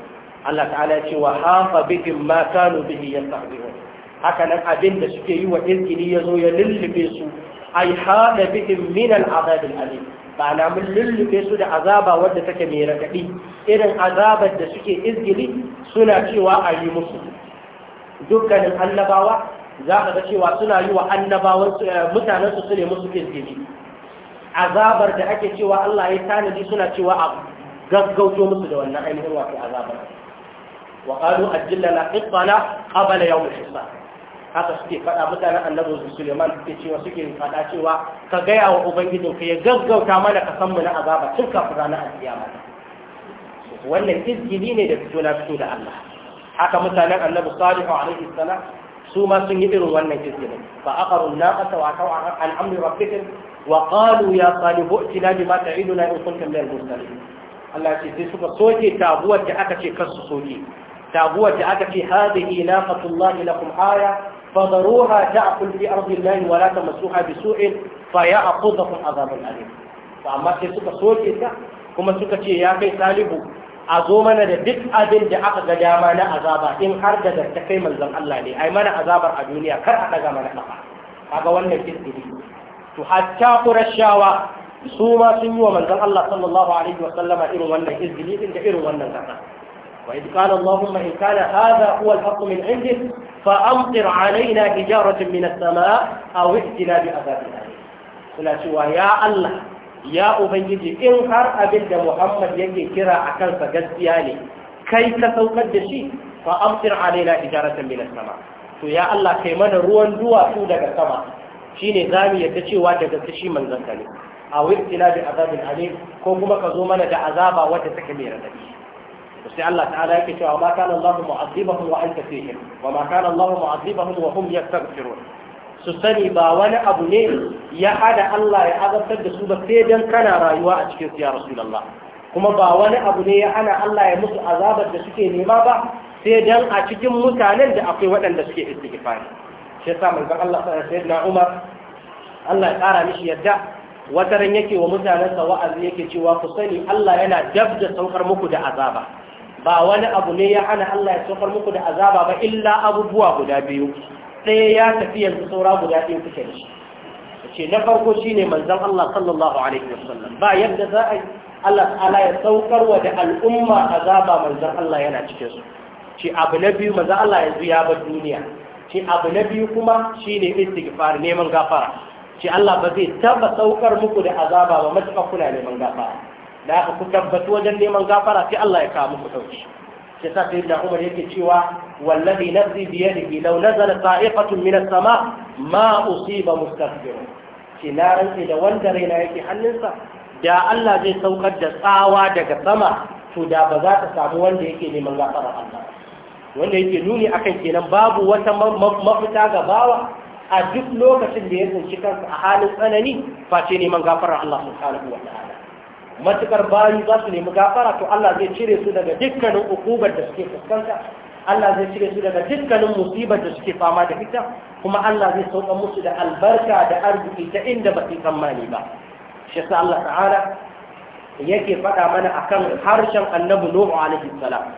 Allah ta'ala ya ce wa hafa bihim ma kanu bihi yastahzi'un haka nan abin da suke yi wa irkini ya zo ya lullube su alhada hada bihim minal al'azab al'alim ba na mun lullube su da azaba wadda take mai raɗaɗi irin azabar da suke izgili suna cewa a yi musu dukkanin annabawa za ka ga cewa suna yi wa annabawan mutanen su ne musu izgili azabar da ake cewa Allah ya tanadi suna cewa a gaggauto musu da wannan ainihin wato azabar wa qalu ajjalla la qabla yawm hisab haka suke faɗa mutanen annabi Suleiman suke cewa suke faɗa cewa ka gaya wa ubangijin ka ya gaggauta mana ka san mu na azaba tun kafin ranar alkiyama wannan izgili ne da fito na fito da Allah haka mutanen annabi Salihu alaihi salam su ma sun yi irin wannan izgili fa aqaru naqata wa tawa an amri rabbikum wa qalu ya salihu itina bima ta'iduna in kuntum min al-mursalin Allah ce sai suka soke tabuwar da aka ce kar su soke tabuwar da aka ce hadhihi naqatullahi lakum aya فضروها تأكل في أرض الله ولا تمسوها بسوء فيأخذكم عذاب أليم فأما سيسوك kuma كما ce يا كي سالبو a zo mana da duk abinda aka ga dama na azaba in har da ta kai manzon Allah ne ai mana azabar a duniya kar a daga mana kafa kaga wannan kirkiri to hatta qurashawa su ma sun yi wa manzon Allah sallallahu alaihi wa sallama irin wannan izgili din da irin wannan kafa wa in kana hadha فأمطر علينا حجارة من السماء أو ائتنا بعذاب suna cewa ya Allah ya Ubangiji in har abinda Muhammad yake kira a kansa gaskiya ne kai ka saukar da shi fa amtir alaina ijaratan min sama to ya Allah kai mana ruwan duwatsu daga sama shine zamu yadda cewa daga shi manzon ka ne a wajina bi azabin alim ko kuma ka zo mana da azaba wadda take mai radadi sai Allah ta'ala yake cewa ma kana Allah mu'azzibahum wa anta fihim wa ma kana Allah mu'azzibahum wa hum yastaghfirun su sani ba wani abu ne ya hada Allah ya azabtar da su ba sai dan kana rayuwa a cikin ya Rasulullah kuma ba wani abu ne ya hana Allah ya musu azabar da suke nema ba sai dan a cikin mutanen da akwai waɗanda suke istighfari shi yasa manzon Allah sayyidina Umar Allah ya tsara mishi yadda wata ran yake wa mutanensa wa'azi yake cewa ku sani Allah yana dab da saukar muku da azaba ba wani abu ne ya hana Allah ya saukar muku da azaba ba illa abubuwa guda biyu ɗaya ya tafi yanzu saura guda biyu kuke da shi ce na farko shi ne manzan Allah sallallahu alaihi wa Sallam? ba yadda za a Allah ta'ala ya saukar wa da al'umma azaba manzan Allah yana cikin su ce abu na biyu manzon Allah yanzu ya bar duniya ce abu na biyu kuma shine istighfar neman gafara ce Allah ba zai taba saukar muku da azaba ba matuƙa kuna neman gafara da aka ku tabbatu wajen neman gafara sai Allah ya kawo muku sauki shi sa sai da Umar yake cewa wallazi nafsi bi yadihi law nazala sa'iqatun min as-sama ma usiba mustakbirun shi na rantsi da wanda raina yake hannunsa da Allah zai saukar da tsawa daga sama to da ba za ta samu wanda yake neman gafarar Allah wanda yake nuni akan kenan babu wata mafita ga bawa a duk lokacin da ya tsinci kansa a halin tsanani face neman gafarar Allah subhanahu wa ta'ala matukar bayi za su nemi gafara to Allah zai cire su daga dukkanin ukubar da suke fuskanta Allah zai cire su daga dukkanin musibar da suke fama da ita kuma Allah zai sauka musu da albarka da arziki ta inda ba su tsammani ba shi Allah ta'ala yake faɗa mana akan harshen annabi Nuhu alaihi salam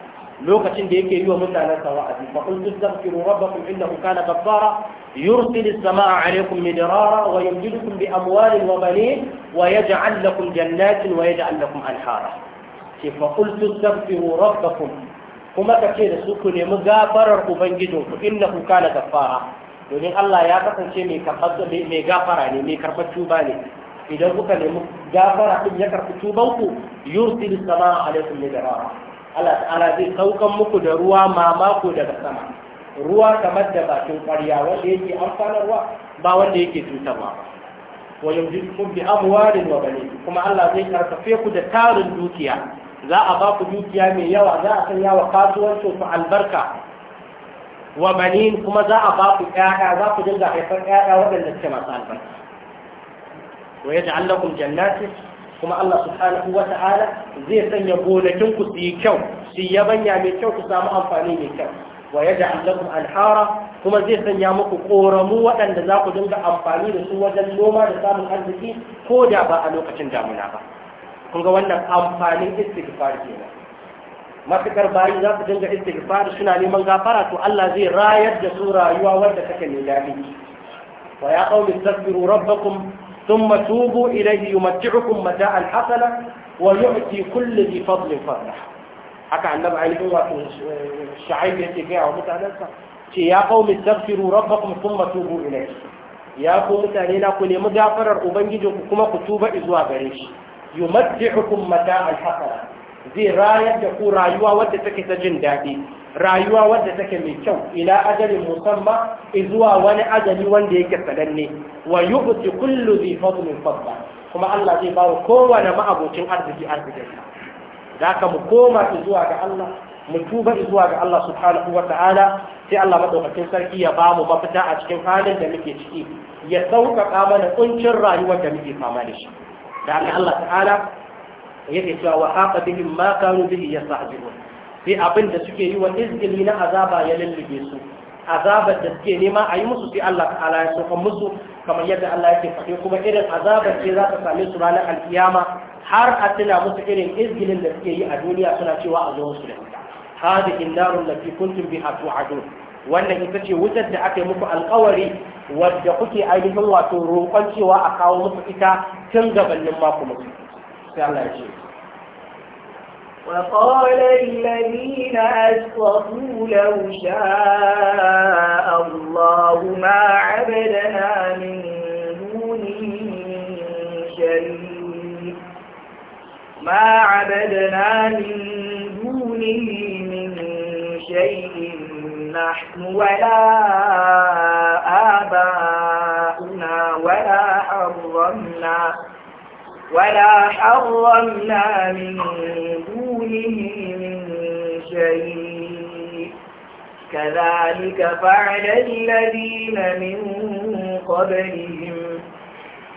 lokacin da yake yi wa mutanen sa wa'azi fa qul tastaghfiru rabbakum innahu kana ghaffara yursilu as-samaa'a 'alaykum midrara wa yumdidukum bi amwalin wa banin wa yaj'al lakum jannatin wa yaj'al lakum anhara ce fa qul tastaghfiru rabbakum kuma kace da su ku nemi gafarar ubangijinku innahu kana ghaffara domin Allah ya kasance mai gafara ne mai karɓar tuba ne idan kuka nemi gafara din ya karɓi tubanku yursilu as-samaa'a 'alaykum midrara Allah saukan muku da ruwa mamako daga sama ruwa kamar da bakin ƙarya wanda yake amfanarwa ba wanda yake cutarwa wa yumjidukum bi amwalin wa banin kuma Allah zai karfafe ku da tarin dukiya za a ba ku dukiya mai yawa za a sanya wa kasuwancin ku albarka wa banin kuma za a ba ku ƴaƴa za ku dinga haifar ƴaƴa waɗanda suke masu albarka wa yaj'al lakum jannatin kuma Allah subhanahu wa ta'ala zai sanya gonakin ku su yi kyau su yabanya mai kyau ku samu amfani mai kyau wa da lakum al'hara kuma zai sanya muku koramu waɗanda za ku dinga amfani da su wajen noma da samun arziki ko da ba a lokacin damuna ba kun ga wannan amfanin istighfar kenan matukar bayi za su dinga istighfar suna neman gafara to Allah zai rayar da su rayuwa wanda take mai daɗi wa ya qaumi astaghfiru rabbakum ثم توبوا إليه يمتعكم متاع الحسنة ويؤتي كل ذي فضل فرح حكى عن نبع الهوى الشعيب يتجاه ومتعنسة يا قوم استغفروا ربكم ثم توبوا إليه يا قوم تعالينا قل يمدع فرر أبنجدكم كما كتوبة إذ بريش يمتعكم متاع الحسنة zai rayar da ku rayuwa wadda take ta jin daɗi rayuwa wadda take mai kyau ila ajalin musamman zuwa wani ajali wanda yake sananne wa yu'ti kullu dhi fadlin fadla kuma Allah zai bawa kowane ma'abocin arziki arzikin sa Za ka mu koma zuwa ga Allah mu tuba zuwa ga Allah subhanahu wa ta'ala sai Allah madaukakin sarki ya ba mu mafita a cikin halin da muke ciki ya sauka mana kuncin rayuwar da muke fama da shi da Allah ta'ala yake cewa wa haqa bihim ma kanu bihi yastahzi'un sai abin da suke yi wa izgili na azaba ya lullube su azabar da suke nema a yi musu sai Allah ta'ala ya sokan musu kamar yadda Allah yake faɗi kuma irin azabar ce za ta same su ranar alkiyama har a tuna musu irin izgilin da suke yi a duniya suna cewa a zo musu da ita hadhihi narun lati kuntum biha tu'adun wannan ita ce wutar da aka yi muku alkawari wadda kuke ainihin wato roƙon cewa a kawo musu ita tun gabanin maku musu وقال الذين أسقطوا لو شاء الله ما عبدنا من دونه شيء ما عبدنا من دونه من شيء نحن ولا آباؤنا ولا حرمنا ولا حرمنا من دونه من شيء كذلك فعل الذين من قبلهم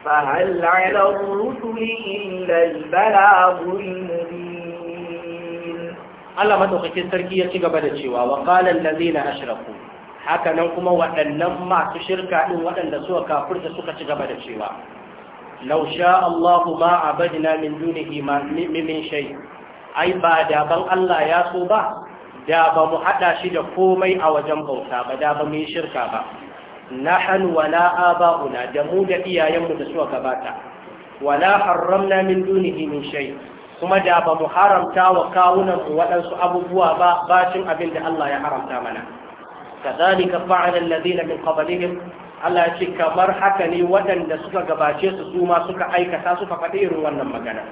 فهل على الرسل إلا البلاغ المبين ما مدوكين التركية قبل الشيوى وقال الذين أشركوا haka nan kuma waɗannan masu shirka ɗin waɗanda suka kafurta suka ci gaba da cewa Lausha Allahu الله ما عبدنا من دونه ما من شيء أي بعد بان الله يا صوبا da ba mu haɗa shi da komai a wajen bauta ba da ba mu shirka ba na hannu wala aba'una da mu da iyayenmu da suka gabata wala haramna min dunihi min shay kuma da ba mu haramta wa kawunan mu waɗansu abubuwa ba bacin abin da Allah ya haramta mana kadhalika fa'ala alladhina min qablihim Allah ce kamar haka ne waɗanda suka gabace su su ma suka aikata suka faɗi irin wannan magana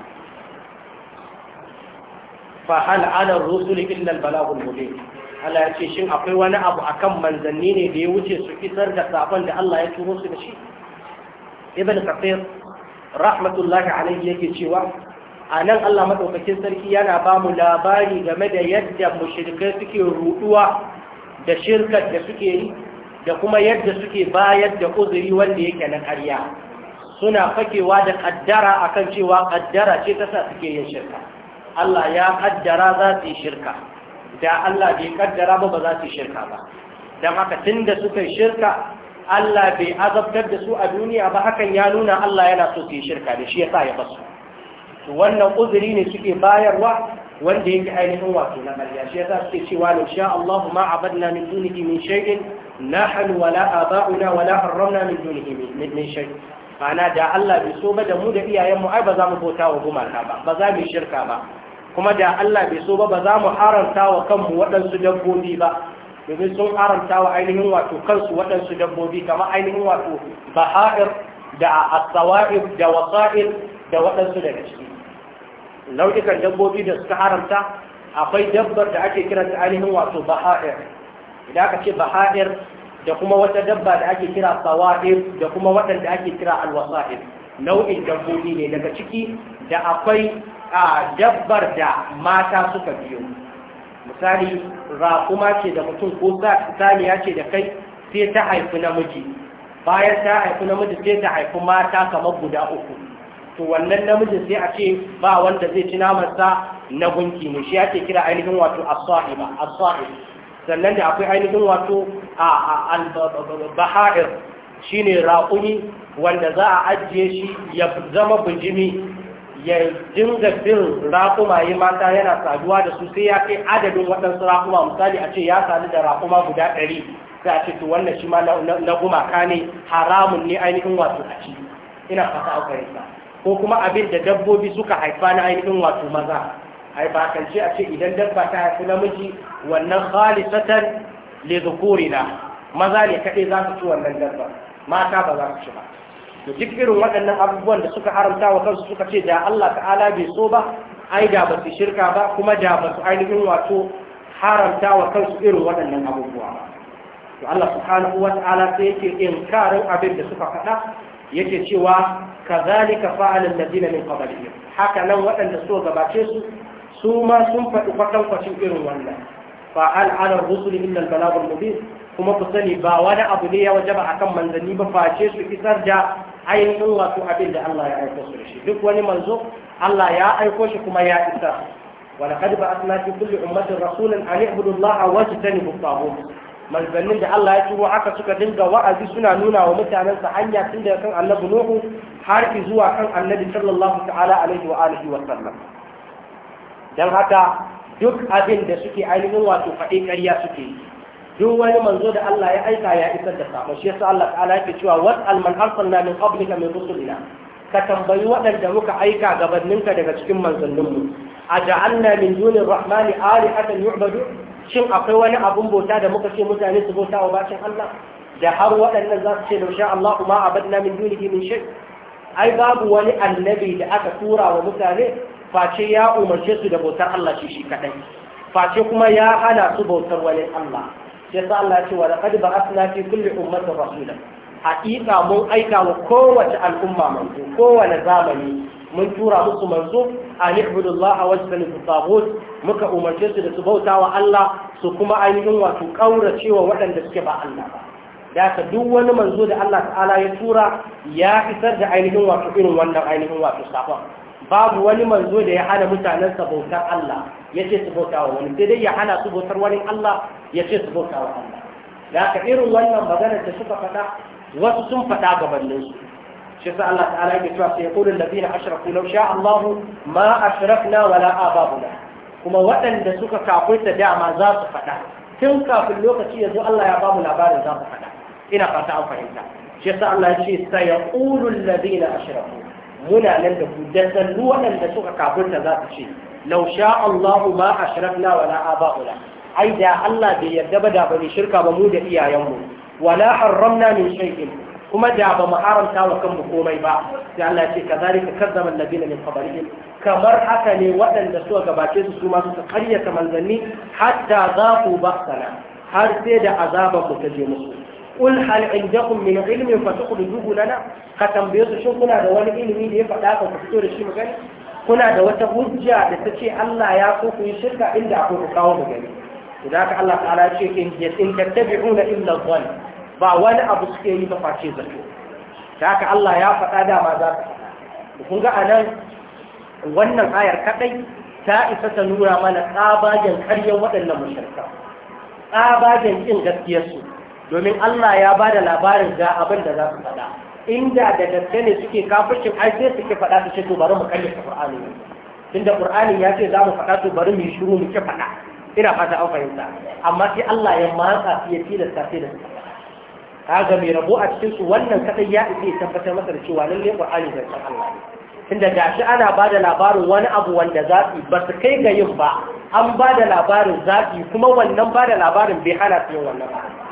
fa hal ala rusul illa al balagul mubin Allah ya ce shin akwai wani abu akan manzanni ne da ya wuce su isar da sabon da Allah ya turo su da shi ibn kafir rahmatullahi alaihi yake cewa a nan Allah madaukakin sarki yana ba mu labari game da yadda mushrikai suke ruduwa da shirkar da suke yi da kuma yadda suke bayar da uzuri wanda yake na ƙarya suna fakewa da ƙaddara akan cewa ƙaddara ce ta sa suke yin shirka Allah ya ƙaddara za su yi shirka da Allah bai ƙaddara ba ba za su yi shirka ba don haka tun da suka yi shirka Allah bai azabtar da su a duniya ba hakan ya nuna Allah yana so su yi shirka da shi ya sa ya basu wannan uzuri ne suke bayarwa wanda yake ainihin wato na ƙarya shi ya sa suke cewa in sha Allah ma abadna min dunihi min shay'in نحن ولا آباؤنا ولا حرمنا من دونه من شيء ma'ana da Allah bai so ba da mu da iyayenmu ai ba za mu bauta wa gumaka ba ba za mu shirka ba kuma da Allah bai so ba ba za mu haramta wa kanmu waɗansu dabbobi ba domin sun haramta ainihin wato kansu waɗansu dabbobi kamar ainihin wato baha'ir da asawa'ir da wasa'ir da waɗansu daga ciki nau'ikan dabbobi da suka haramta akwai dabbar da ake kiranta ainihin wato baha'ir idan aka ce baha'ir da kuma wata dabba da ake kira sawa'ir da kuma waɗanda ake kira alwasa'ir nau'in dabbobi ne daga ciki da akwai a dabbar da mata suka biyo misali raƙuma ce da mutum ko saniya ce da kai sai ta haifi namiji bayan ta haifi namiji sai ta haifi mata kamar guda uku to wannan namiji sai a ce ba wanda zai ci sa na gunki ne shi ake kira ainihin wato as-sahiba as sahiba sannan da akwai ainihin wato a baha'ir shi ne raƙuni wanda za a ajiye shi ya zama bujimi, ya dinga bin raƙumaye mata yana saduwa da su sai ya kai adadin waɗansu raƙuma misali a ce ya sadu da raƙuma guda ɗari sai a ce to wannan shi ma na gumaka ne haramun ne ainihin wato a ci ina fata a ko kuma abin da dabbobi suka haifa na ainihin wato maza ai ba kan ce a ce idan dabba ta haifi namiji wannan khalisatan li dhukurina maza ne kaɗai za su ci wannan dabba mata ba za su ci ba to duk irin waɗannan abubuwan da suka haramta wa kansu suka ce da Allah ta'ala bai so ba ai da ba su shirka ba kuma da ba su ainihin wato haramta wa kansu irin waɗannan abubuwa ba to Allah subhanahu wa ta'ala sai yake inkarin abin da suka faɗa yake cewa kazalika fa'ala alladhina min qablihim haka nan waɗanda suka gabace su su ma sun faɗi kwatankwacin irin wannan fa an ala rusuli inna al-balagh mubin kuma ku sani ba wani abu ne ya wajaba akan manzanni ba face su isar da ainihin wato abin da Allah ya aiko su shi duk wani manzo Allah ya aiko shi kuma ya isa ولقد بعثنا في كل أمة رسولا أن اعبدوا الله واجتنبوا الطاغوت manzannin da Allah ya turo aka suka dinga wa'azi suna nuna wa mutanensa hanya tun daga kan annabi Nuhu har zuwa kan annabi sallallahu ta'ala alaihi wa alihi wa sallam don haka duk abin da suke ainihin wato faɗi ƙarya suke yi duk wani manzo da Allah ya aika ya isar da saƙo shi yasa Allah ta'ala yake cewa was'al man arsalna min qablika min rusulina ka tambayi waɗanda muka aika gabaninka daga cikin manzanninmu a ja'alna min dunir rahmani alihatan yu'badu shin akwai wani abun bauta da muka ce mutane su bauta wa bacin Allah da har waɗannan za su ce da sha Allah kuma abadna min dunihi min shay ai babu wani annabi da aka tura wa mutane face ya umarce su da bautar Allah shi shi kadai face kuma ya hana su bautar wani Allah sai sa Allah ya ce wa laqad ba'athna fi kulli ummatin rasula haƙiƙa mun aika wa kowace al'umma manzo kowane zamani mun tura musu manzo a nihbudullah a wajen tsagot muka umarce su da su bauta wa Allah su kuma ainihin wato ƙauracewa waɗanda suke ba Allah ba da ka duk wani manzo da Allah ta'ala ya tura ya isar da ainihin wato irin wannan ainihin wato safa babu wani manzo da ya hana mutanen bautar Allah ya ce su bauta wa wani sai dai ya hana su bautar wani Allah ya ce su bauta wa Allah da haka irin wannan maganar da suka faɗa wasu sun faɗa gabaninsu shi sa Allah ta'ala yake cewa sai yaqulul ladina ashraku law sha Allah ma ashrakna wala ababuna kuma waɗanda suka kafirta dama za su faɗa tun kafin lokaci ya Allah ya bamu labarin za su faɗa ina fata an fahimta shi sa Allah ya ce sayaqulul ladina ashraku muna nan da ku dandan waɗanda suka kafirta za su ce law sha Allahu ma ashrafna wala aba'una ai da Allah bai yarda ba da bane shirka ba mu da iyayenmu wala harramna min shay'in kuma da ba mu haramta wa kanmu komai ba sai Allah ce kazalika kazzaba alladina min qablihim kamar haka ne waɗanda suka gabace su su ma suka karyata manzanni hatta ba ba'sana har sai da azaban mu ta je musu قل هل عندكم من علم فتخرجوه لنا كتنبيه شو كنا ده wani ilimi da ya faɗa ka ku fito da shi magani kuna da wata hujja da ta ce Allah ya so ku yi shirka inda akwai ku kawo magani idan ka Allah ta'ala ce in in tattabi'una illa dhann ba wani abu suke yi ba face zato da haka Allah ya faɗa dama za ka kun ga anan wannan ayar kaɗai ta isa ta nuna mana tsabagen karyar waɗannan mushrikan tsabagen domin Allah ya ba da labarin ga abin da za su faɗa inda da gaske ne suke kafircin ai sai suke faɗa su ce to bari mu kalle Qur'ani tunda Qur'ani ya ce za mu faɗa to bari mu yi shiru mu ki faɗa ina fata an fahimta amma sai Allah ya matsa su ya tilasta sai da su kaga mai rabo a cikin su wannan kadai ya isa ya tabbatar masa da cewa lalle Qur'ani da Allah ne tunda gashi ana ba da labarin wani abu wanda zaɓi ba su kai ga yin ba an ba da labarin zaɓi kuma wannan ba da labarin bai hana su yin wannan ba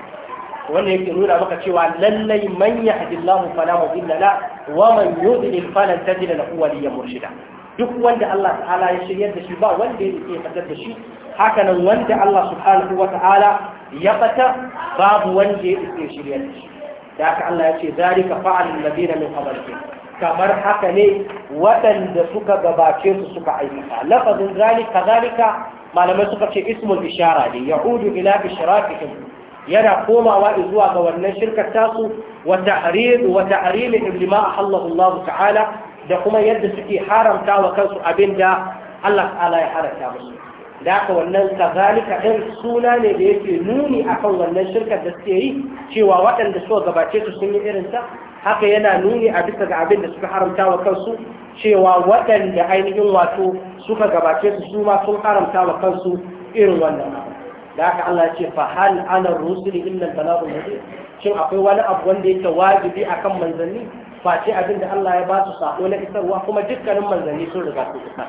wanda yake nuna maka cewa lallai man yahdillahu fala mudilla la wa man yudlil fala tajid lahu waliyyan murshida duk wanda Allah ta'ala ya shiryar da shi ba wanda yake fatar da shi haka nan wanda Allah subhanahu wa ta'ala ya fata babu wanda yake shiryar da shi da haka Allah ya ce zalika fa'alul ladina min qablikum kamar haka ne waɗanda suka gabace su suka aikata lafazin zalika zalika malamai suka ce ismul ishara ne ya'udu ila ishrakihim yana komawa zuwa ga wannan shirkar tasu wa tahrir wa tahrimihim lima ahallahu Allah ta'ala da kuma yadda suke haramta wa kansu abinda Allah ta'ala ya haramta musu da haka wannan kazalika ɗin suna ne da yake nuni akan wannan shirkar da suke yi cewa waɗanda suka gabace su sun yi irin ta haka yana nuni a bisa ga abin da suka haramta wa kansu cewa waɗanda ainihin wato suka gabace su su ma sun haramta wa kansu irin wannan abu da haka Allah ya ce fa hal ana rusuli illa al-balagh mubin shin akwai wani abu wanda yake wajibi akan manzanni face abin da Allah ya ba su sako na isarwa kuma dukkanin manzanni sun riga su isa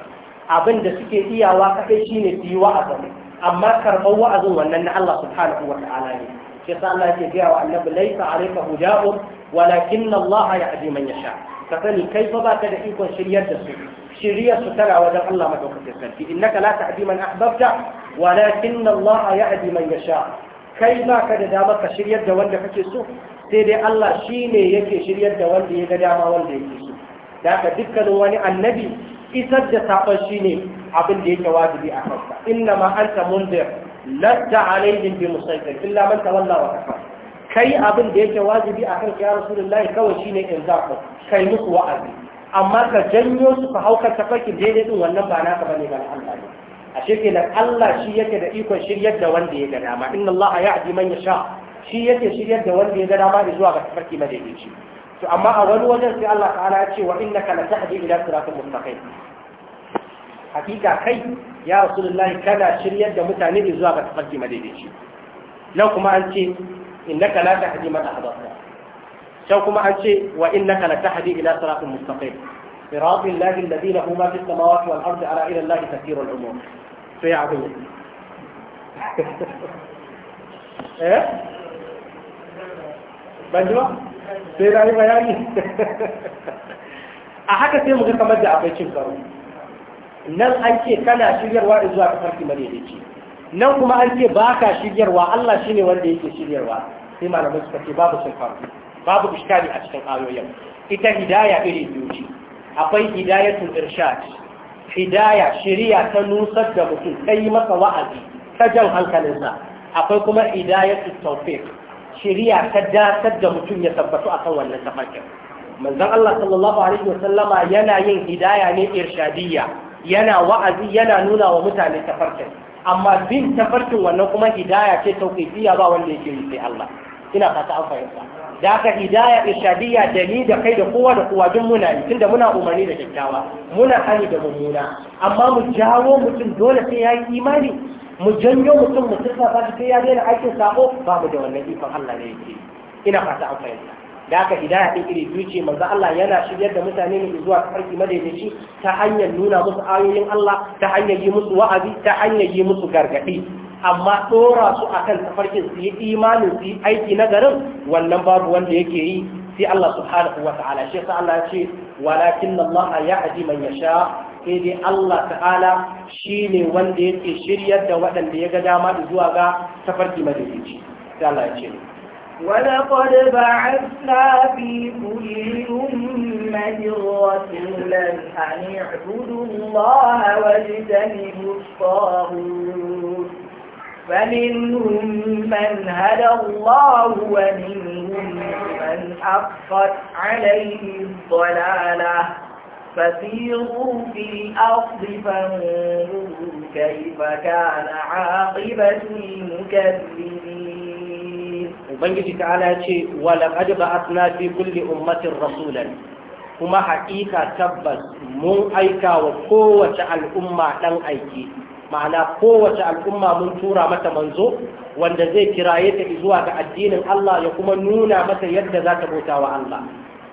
abin da suke iyawa kadai shine su yi wa'azi amma karɓar wa'azin wannan na Allah subhanahu wa ta'ala ne shi sa Allah ke gaya wa annabi laisa alayka hudahum walakin Allah ya'ti man yasha ka sani kai fa baka da ikon shiryar da su shiryar su tana wajen Allah madaukakin sarki innaka la ta'ti man ahbabta walakin Allah ya'di man yasha kai ba ka da damar ka shiryar da wanda kake so sai dai Allah shine yake shiryar da wanda ya ga dama wanda yake so da ka dukkanin wani annabi isar da sabon shine abin da yake wajibi a kansa inna ma anta munzir lasta alaihim bi musaytir illa man tawalla wa kai abin da yake wajibi a kanka ya rasulullahi kawai shine inzaku kai wa'azi amma ka janyo su ka daidai din wannan ba naka bane ga ashe kenan Allah shi yake da ikon shiryar da wanda ya ga dama inna Allah ya'di man yasha shi yake shiryar da wanda ya ga dama da zuwa ga tafarki madaidaici to amma a wani wajen sai Allah ta'ala ya ce wa innaka latahdi ila siratal mustaqim hakika kai ya rasulullahi kana shiryar da mutane da zuwa ga tafarki madaidaici nan kuma an ce innaka la tahdi man ahbabta sai kuma an ce wa innaka latahdi ila siratal mustaqim صراط الله الذي له ما في السماوات والأرض على إلى الله تسير الأمور sai abin eh ban sai na bayani a haka sai mu ga kamar da akwai cin karo nan an ce kana shiryarwa zuwa ta farki madaidaici nan kuma an ce ba ka shiryarwa Allah shi ne wanda yake shiryarwa sai malamai suka ce babu cin karo babu iskari a cikin ayoyin ita hidaya iri biyu ce akwai hidayatul irshad hidaya shiriya ta nusar da mutum ta yi masa wa'azi ta jan hankalinsa akwai kuma Hidaya su taufe shiriya ta dasar da mutum ya tabbatu akan wannan tafarkin manzon Allah sallallahu alaihi wasallama yana yin hidaya ne irshadiyya yana wa'azi yana nuna wa mutane tafarkin amma bin tafarkin wannan kuma hidaya ce taukaitiya ba wanda yake yi sai Allah ina fata an fahimta da aka hidaya irshadiyya da ni da kai da kowa da kowa duk muna yi tunda muna umarni da kyakkyawa muna hani da mummuna amma mu jawo mutum dole sai ya yi imani mu janyo mutum mu turfa shi sai ya daina aikin sako ba mu da wannan ikon Allah ne yake ina fata an fahimta da aka hidaya ɗin iri biyu ce manzo Allah yana shiryar da mutane ne zuwa farki madaidaici ta hanyar nuna musu ayoyin Allah ta hanyar yi musu wa'azi ta hanyar yi musu gargadi. amma ɗora su akan tafarkin su yi imanin su yi aiki na garin wannan babu wanda yake yi sai Allah subhanahu wa ta'ala shi yasa Allah ya ce walakin Allah aji man yasha sai dai Allah ta'ala shi ne wanda yake shiryar da waɗanda ya ga dama zuwa ga tafarki madaidaici sai Allah ya ce ولقد بعثنا في كل أمة رسولا أن اعبدوا الله واجتنبوا الطاغوت فمنهم من هدى الله ومنهم من حقت عليه الضلالة فسيروا في الأرض فانظروا كيف كان عاقبة المكذبين وبنجي تعالى شيء ولقد بعثنا في كل أمة رسولا kuma حقيقة tabbas mun أيكا وقوة الأمة لن أيكي ma'ana kowace al'umma mun tura mata manzo wanda zai kiraye ta zuwa ga addinin Allah ya kuma nuna mata yadda za ta bauta wa Allah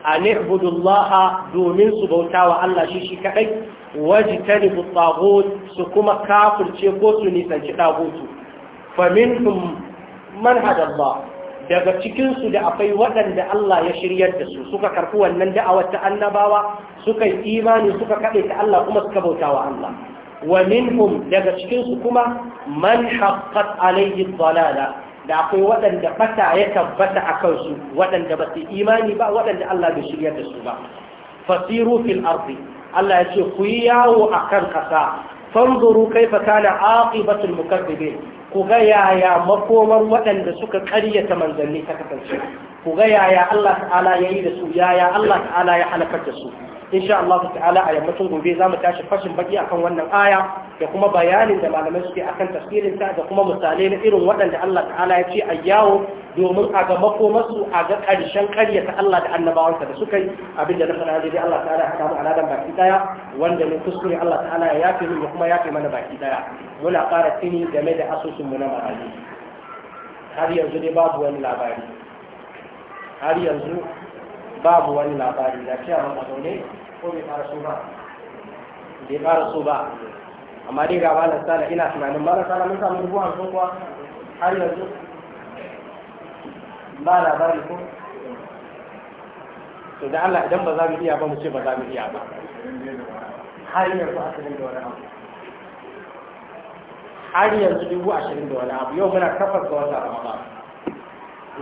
a ni'budullaha domin su bauta wa Allah shi shi waji wajtanibu taghut su kuma kafirce ko su nisanci taghutu faminhum man hadallah daga cikinsu da akwai waɗanda Allah ya shiryar da su suka karfi wannan da'awar ta annabawa suka yi imani suka kaɗe ta Allah kuma suka bauta wa Allah wa minhum daga cikinsu kuma man haqqat alayhi dhalala da akwai waɗanda bata ya tabbata a kansu waɗanda ba su imani ba waɗanda Allah bai shirya da su ba fasiru fil ardi Allah ya ce ku yi yawo a kan ƙasa fanzuru kaifa kana aqibatul mukaththibin ku ga yaya makomar waɗanda suka ƙaryata manzanni ta kasance ku ga yaya Allah ta'ala yi da su yaya Allah ta'ala ya halakar da su insha Allah ta'ala a yammacin gobe za mu tashi fashin baki akan wannan aya da kuma bayanin da malamai suke akan tafsirin da kuma misalai na irin waɗanda Allah ta'ala ya ce a yawo domin a ga makomasu a ga ƙarshen ƙarya ta Allah da annabawansa da suka yi abin da na faɗa dai Allah ta'ala ya kamu aladan baki daya wanda ne kuskure Allah ta'ala ya yafe min da kuma yafe mana baki daya muna ƙara tuni game da asusun mu na marayu har yanzu dai babu wani labari har yanzu babu wani labari na cewa a zaune ko bai ƙara su ba bai fara so ba amma dai ga malam sala ina tunanin malam sala mun samu dubu hamsin kuwa har yanzu ba labari ko to da Allah idan ba za mu iya ba mu ce ba za mu iya ba har yanzu ashirin da wani abu har yanzu dubu ashirin da wani abu yau muna kafar ga wata ramadan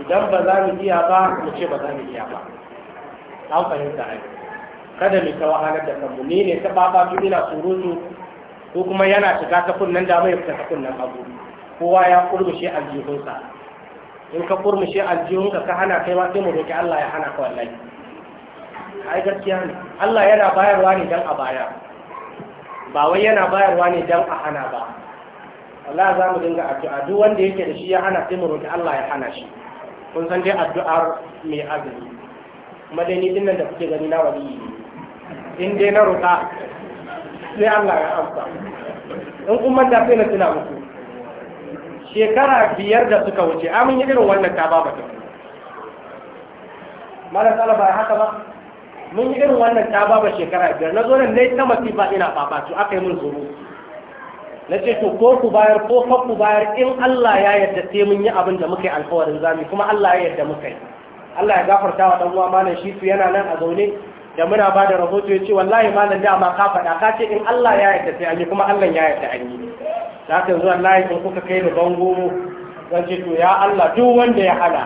idan ba za mu iya ba mu ce ba za mu iya ba an fahimta ai kada mu tawahalar da kanmu ni ne ta baba su ina surutu ko kuma yana shiga ta kunnan da mai fita ta kunnan abu kowa ya kurmushe aljihunsa in ka kurmushe aljihunka ka hana kai ma sai mu roki Allah ya hana ka wallahi ai gaskiya ne Allah yana bayarwa ne dan a baya ba wai yana bayarwa ne dan a hana ba Allah za mu dinga addu'a duk wanda yake da shi ya hana sai mu roki Allah ya hana shi kun san dai addu'ar mai azumi kuma dai ni dinnan da kuke gani na waliyi ne in dai na roƙa sai Allah ya amsa in kuma da sai na tuna muku shekara biyar da suka wuce amin yi irin wannan ta ba batun mara tsala ba haka ba mun yi irin wannan ta ba ba shekara biyar na zo nan na yi ta masifa ina to aka yi mun zuru na ce to ko ku bayar ko ku bayar in Allah ya yarda sai mun yi abin da muka yi alkawarin zami kuma Allah ya yarda muka yi Allah ya gafarta wa ɗan uwa malam shi su yana nan a zaune da muna ba da rahoto ya ce wallahi malam da ma ka faɗa ka ce in Allah ya yarda sai an yi kuma Allah ya yarda an yi da haka yanzu wallahi in kuka kai ni bango zan ce to ya Allah duk wanda ya hana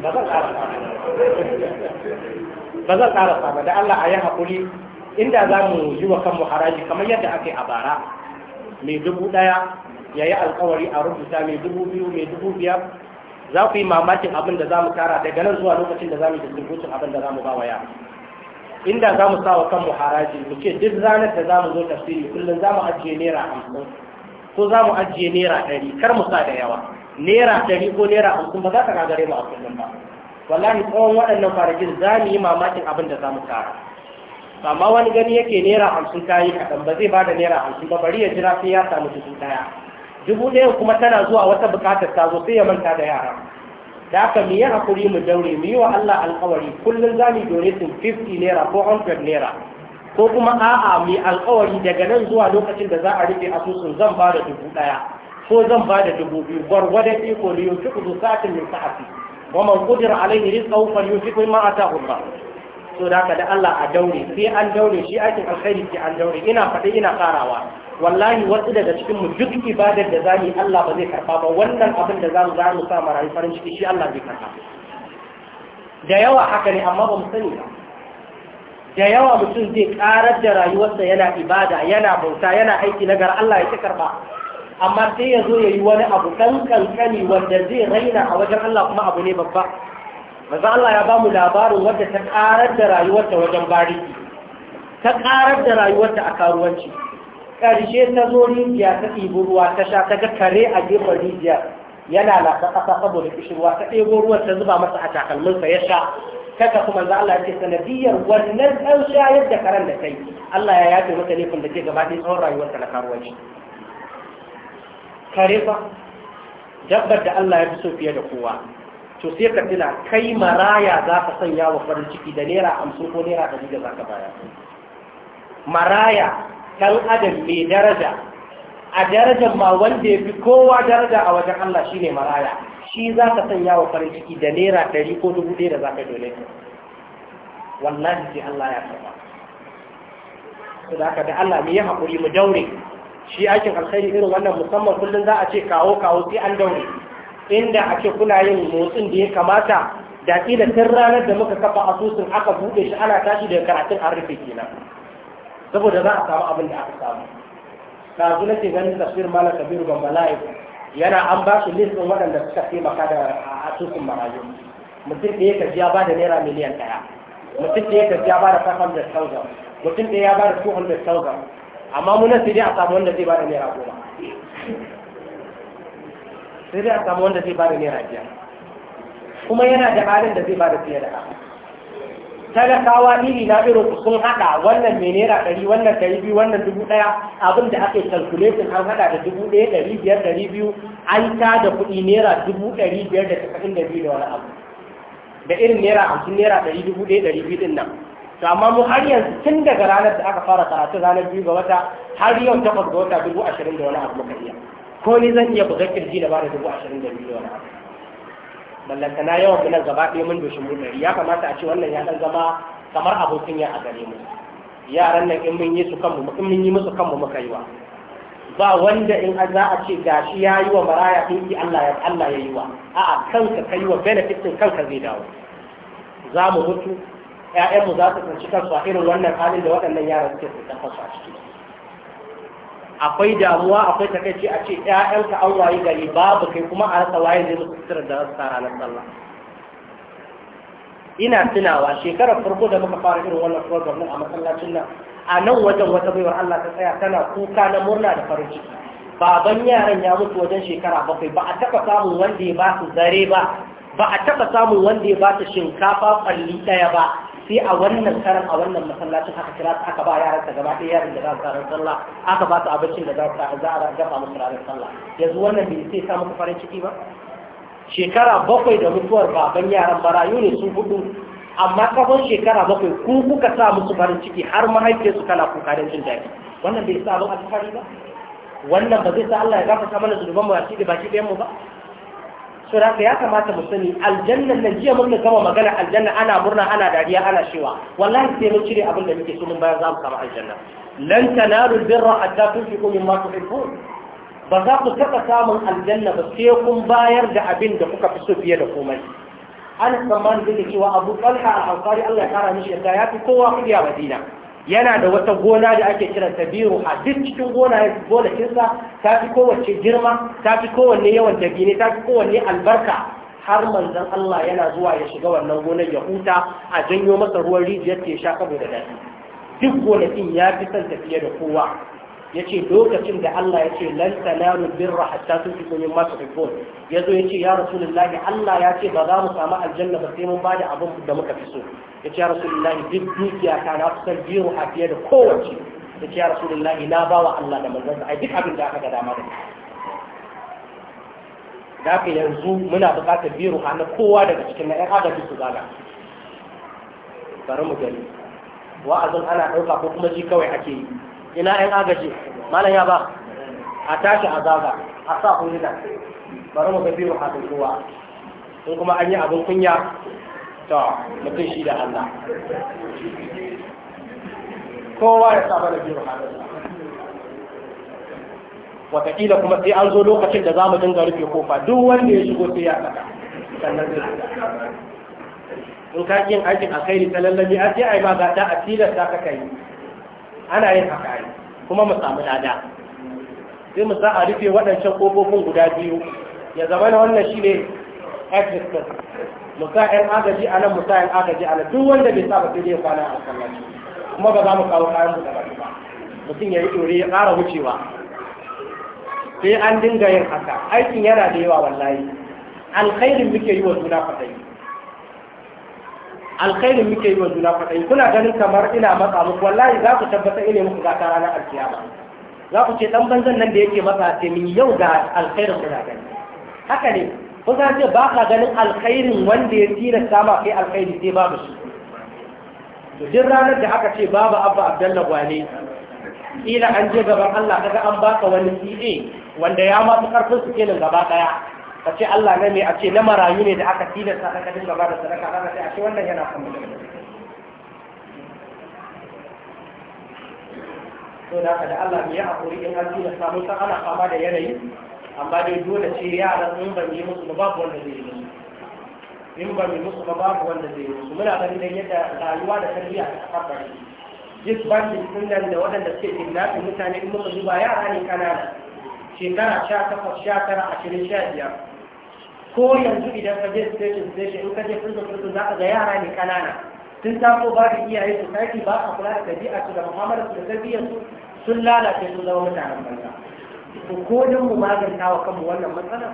ba zan ƙara ba zan ƙara ba da Allah a yi haƙuri inda za mu yi wa kanmu haraji kamar yadda aka yi a bara mai dubu ɗaya ya yi alkawari a rubuta mai dubu biyu mai dubu biyar za ku yi mamakin abin da za mu tara daga nan zuwa lokacin da za mu distribution abin da za mu ba wa yara inda za mu sa wa kanmu haraji mu ce duk ranar da za mu zo tafsiri kullum za mu ajiye naira hamsin ko za mu ajiye naira ɗari kar mu sa da yawa naira ɗari ko naira hamsin ba za ka gagare mu a kullum ba wallahi tsawon waɗannan farajin za mu yi mamakin abin da za mu tara amma wani gani yake naira hamsin ta yi kaɗan ba zai ba da naira hamsin ba bari ya jira sai ya samu dubu ɗaya dubu ɗaya kuma tana zuwa wata buƙatar ta zo sai ya manta da yara da aka mu hakuri mu daure mu yi wa Allah alƙawari kullum za mu donation 50 naira ko 100 naira ko kuma a'a mu alƙawari daga nan zuwa lokacin da za a rufe asusun zan ba da dubu ɗaya ko zan ba da dubu biyu gwargwadon iko ne yau cikin su satin min sa'afi wa man qudira alaihi rizqahu falyunfiq mimma ataahu Allah so da haka da Allah a daure sai an daure shi aikin alkhairi sai an daure ina faɗi ina karawa wallahi wasu daga cikin mu duk ibadar da zamu Allah ba zai karba ba wannan abin da zamu za mu sa mu rayu farin ciki shi Allah zai karba da yawa haka ne amma ba mu sani ba da yawa mutum zai karar da rayuwarsa yana ibada yana bauta yana aiki na gar Allah ya ci karba amma sai ya zo ya yi wani abu kan kankani wanda zai raina a wajen Allah kuma abu ne babba maza Allah ya ba mu labarin wadda ta karar da rayuwarta wajen bariki ta karar da rayuwarta a karuwanci ƙarshe ta zo rijiya ta ruwa ta sha ta ga kare a gefen rijiya yana lasa ƙasa saboda kishirwa ta ɗebo ruwan ta zuba masa a takalminsa ya sha ta tafi manzo Allah ya ce sanadiyar wannan ɗan shayar da karen da kai Allah ya yafe maka laifin da ke gaba ɗaya tsawon rayuwarsa na karuwanci kare fa dabbar da Allah ya fi so fiye da kowa to sai ka tuna kai maraya za ka sanya wa farin ciki da naira hamsin ko naira ɗari da za ka bayar maraya Kan adam mai daraja a darajar ma wanda ya fi kowa daraja a wajen Allah shi ne maraya shi za ka sanya wa farin ciki da naira ɗari ko dubu ɗaya da za ka dole wallahi sai Allah ya karɓa su da aka da Allah mu yi haƙuri mu daure shi aikin alkhairi irin wannan musamman kullum za a ce kawo kawo sai an daure inda ake kuna yin motsin da ya kamata da ƙila tun ranar da muka kafa asusun aka buɗe shi ana tashi daga karatun an rufe kenan saboda za a samu abin da aka samu ɗazu nake ganin tafsir malam kabiru ban bala'i yana an ba shi listin waɗanda suka taimaka da asusun marayu mutum ɗaya ka ya ba da naira miliyan ɗaya mutum ɗaya ka ya ba da 500,000 mutum ɗaya ya ba da 200,000 amma muna sai dai a samu wanda zai ba da naira goma sai dai a samu wanda zai ba da naira biyar kuma yana da halin da zai ba da fiye da haka talakawa iri na irin sun haɗa wannan mai naira ɗari wannan ɗari biyu wannan dubu ɗaya abin da ake calculation an haɗa da dubu ɗaya ɗari biyar ɗari biyu an ta da kuɗi naira dubu ɗari biyar da tasa'in da biyu da wani abu da irin naira hamsin naira ɗari dubu ɗaya ɗari biyu ɗin nan to amma mu har yanzu tun daga ranar da aka fara karatu ranar biyu ga wata har yau takwas ga wata dubu ashirin da wani abu muka iya ko ni zan iya bugar kirji da ba da dubu ashirin da biyu da wani abu ballanta na yawan munan gaba ɗaya mun doshin mu ya kamata a ce wannan ya ɗan zama kamar abokin ya a gare mu yaran nan in mun yi su kanmu in mun yi musu kanmu muka yi wa ba wanda in za a ce gashi ya yi wa maraya ki Allah ya Allah ya yi wa a'a kanka kai wa benefit ɗin kanka zai dawo za mu mutu ƴaƴanmu za su tsinci kansu a irin wannan halin da waɗannan yaran suke tsinci kansu a ciki akwai damuwa akwai takaici a ce ‘ya’yanka an wayi gari babu kai kuma a rasa waye zai musu fitar da rasa ranar sallah ina tunawa shekarar farko da muka fara irin wannan program din a masallacin nan a nan wajen wata baiwar Allah ta tsaya tana kuka na murna da farin ciki baban yaran ya mutu wajen shekara bakwai ba a taɓa samun wanda ya ba su zare ba ba a taɓa samun wanda ya ba su shinkafa ɓalli ɗaya ba sai a wannan karan a wannan masallacin aka kira su aka ba yaran ta gaba ɗaya yaran da za su ranar sallah aka ba su abincin da za su za a gafa musu ranar sallah yanzu wannan bai sai samu muku farin ciki ba shekara bakwai da mutuwar baban yaran marayu ne su hudu amma kafin shekara bakwai ku kuka sa musu farin ciki har su kana kuka da jin daɗi wannan bai sa abin alfahari ba wannan ba zai sa Allah ya gafarta mana zunuban mu a cikin baki ɗayan mu ba so ka ya kamata mu sani aljanna nan jiya mun gama magana aljanna ana murna ana dariya ana shewa wallahi sai mun cire abin da muke so mun bayan za mu kama aljanna lan tanalu albirra hatta tunfiqu mimma tuhibbun ba za ku taɓa samun aljanna ba sai kun bayar da abin da kuka fi so fiye da komai ana tsammanin da cewa abu talha a hankali allah ya kara mishi yadda ya fi kowa kuɗi a madina yana da wata gona da ake kira tabiru a duk cikin gona gonakinsa ta fi kowace girma ta fi kowanne yawan dabini ta fi kowanne albarka har manzon Allah yana zuwa ya shiga wannan gonar ya huta a janyo masa ruwan rijiyar ya sha saboda dadi. duk gonakin ya fi son tafiye da kowa Ya ce lokacin da Allah ya ce lan tanalu birra hatta sun fi tuhibbun masu yace ya zo ya ya ce rasulullahi Allah ya ce ba za mu samu aljanna ba sai mun bada abin da muka fi so ya ce ya rasulullahi duk dukiya ta na kusan biyu a fiye da kowace ya ce ya rasulullahi na bawa Allah da manzon ai duk abin da aka ga dama da da ka yanzu muna buƙatar biyu na kowa daga cikin na ƴan agaji su zaga bari mu gani wa'azin ana ɗauka ko kuma ji kawai ake yi ina yan agaji malam ya ba a tashi a zaga a sa hulina bari mu ga biyu hadin kowa in kuma an yi abin kunya to mutum shi da Allah kowa ya saba da biyu hadin wataƙila kuma sai an zo lokacin da za mu dinga rufe kofa duk wanda ya shigo sai ya saka sannan zai in ka yin aikin kai ta lallabi a sai yi ba gata a tilasta ka kai ana yin haka kuma mu samu lada sai mu sa a rufe waɗancan ƙofofin guda biyu ya zama na wannan shi ne exit mu sa ƴan agaji a nan mu sa ƴan agaji a nan duk wanda bai saba sai dai kwana a masallaci kuma ba za mu kawo kayan mu daga ba mutum ya yi ɗore ya ƙara wucewa sai an dinga yin haka aikin yana da yawa wallahi alkhairin muke yi wa juna fasayi alkhairin muke yi wa juna kwaɗayi kuna ganin kamar ina matsa muku wallahi za ku tabbata ina muku gata ranar alkiyama za ku ce dan banzan nan da yake matsa ce min yau ga alkhairin kuna gani haka ne kun san ce ba ka ganin alkhairin wanda ya tilasta sama kai alkhairi sai babu shi to din ranar da aka ce babu abba abdallah gwane kila an je gaban Allah kaga an baka wani CA wanda ya ma karfin su kenan gaba daya a ce Allah na mai a ce na marayu ne da aka tilasta na kadin gaba da sadaka ana sai a ce wannan yana kan mutum to da haka da Allah mai hakuri in an tilasta mun san ana fama da yanayi amma dai dole ce yaran in ban yi musu ba babu wanda zai yi musu in ban yi musu ba babu wanda zai yi musu muna ganin yadda rayuwa da tarbiyya ta kafar duk bankin sun nan da waɗanda suke kidnapping mutane in muka zuba yara ne kanana shekara sha takwas sha tara ashirin sha biyar ko yanzu idan ka je station station in ka je sun prison za ka ga yara ne kanana sun taso ba da iyaye su saki ba a kula da tabi'a su da muhammadu su da tarbiyyar su sun lalace sun zama mutanen banza to ko din mu maganta wa kanmu wannan matsalar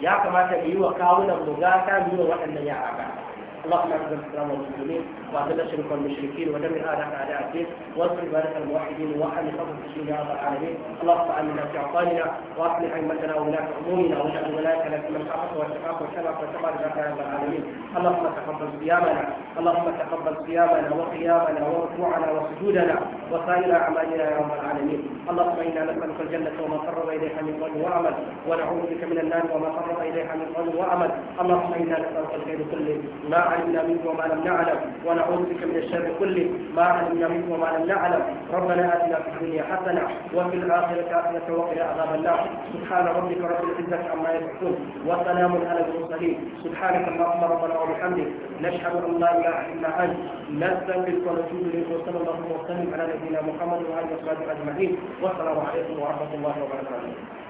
ya kamata mu yi wa kawunan mu gata mu yi wa waɗannan yara اللهم اعز الاسلام والمسلمين واعز الشرك والمشركين ودمر اعداءك اعداء الدين واصلح بارك الموحدين واحمي فضل المسلمين يا رب العالمين اللهم امنا في اوطاننا واصلح ائمتنا وولاة امورنا واجعل ولايتنا في من حقق واتقاك وشرف وتقى يا رب العالمين اللهم تقبل صيامنا اللهم تقبل صيامنا وقيامنا وركوعنا وسجودنا وسائر اعمالنا يا رب العالمين اللهم انا نسالك الجنه وما قرب اليها من قول وعمل ونعوذ بك من النار وما قرب اليها من قول وعمل اللهم انا نسالك الخير كله ما علمنا منه وما لم نعلم ونعوذ بك من الشر كله ما علمنا منه وما لم نعلم ربنا آتنا في الدنيا حسنة وفي الآخرة حسنة وقنا عذاب النار سبحان ربك رب العزة عما يصفون وسلام على المرسلين سبحانك اللهم ربنا وبحمدك نشهد أن لا إله إلا أنت نستغفرك ونتوب إليك وصلى الله وسلم على نبينا محمد وعلى آله وصحبه أجمعين والسلام عليكم ورحمة الله وبركاته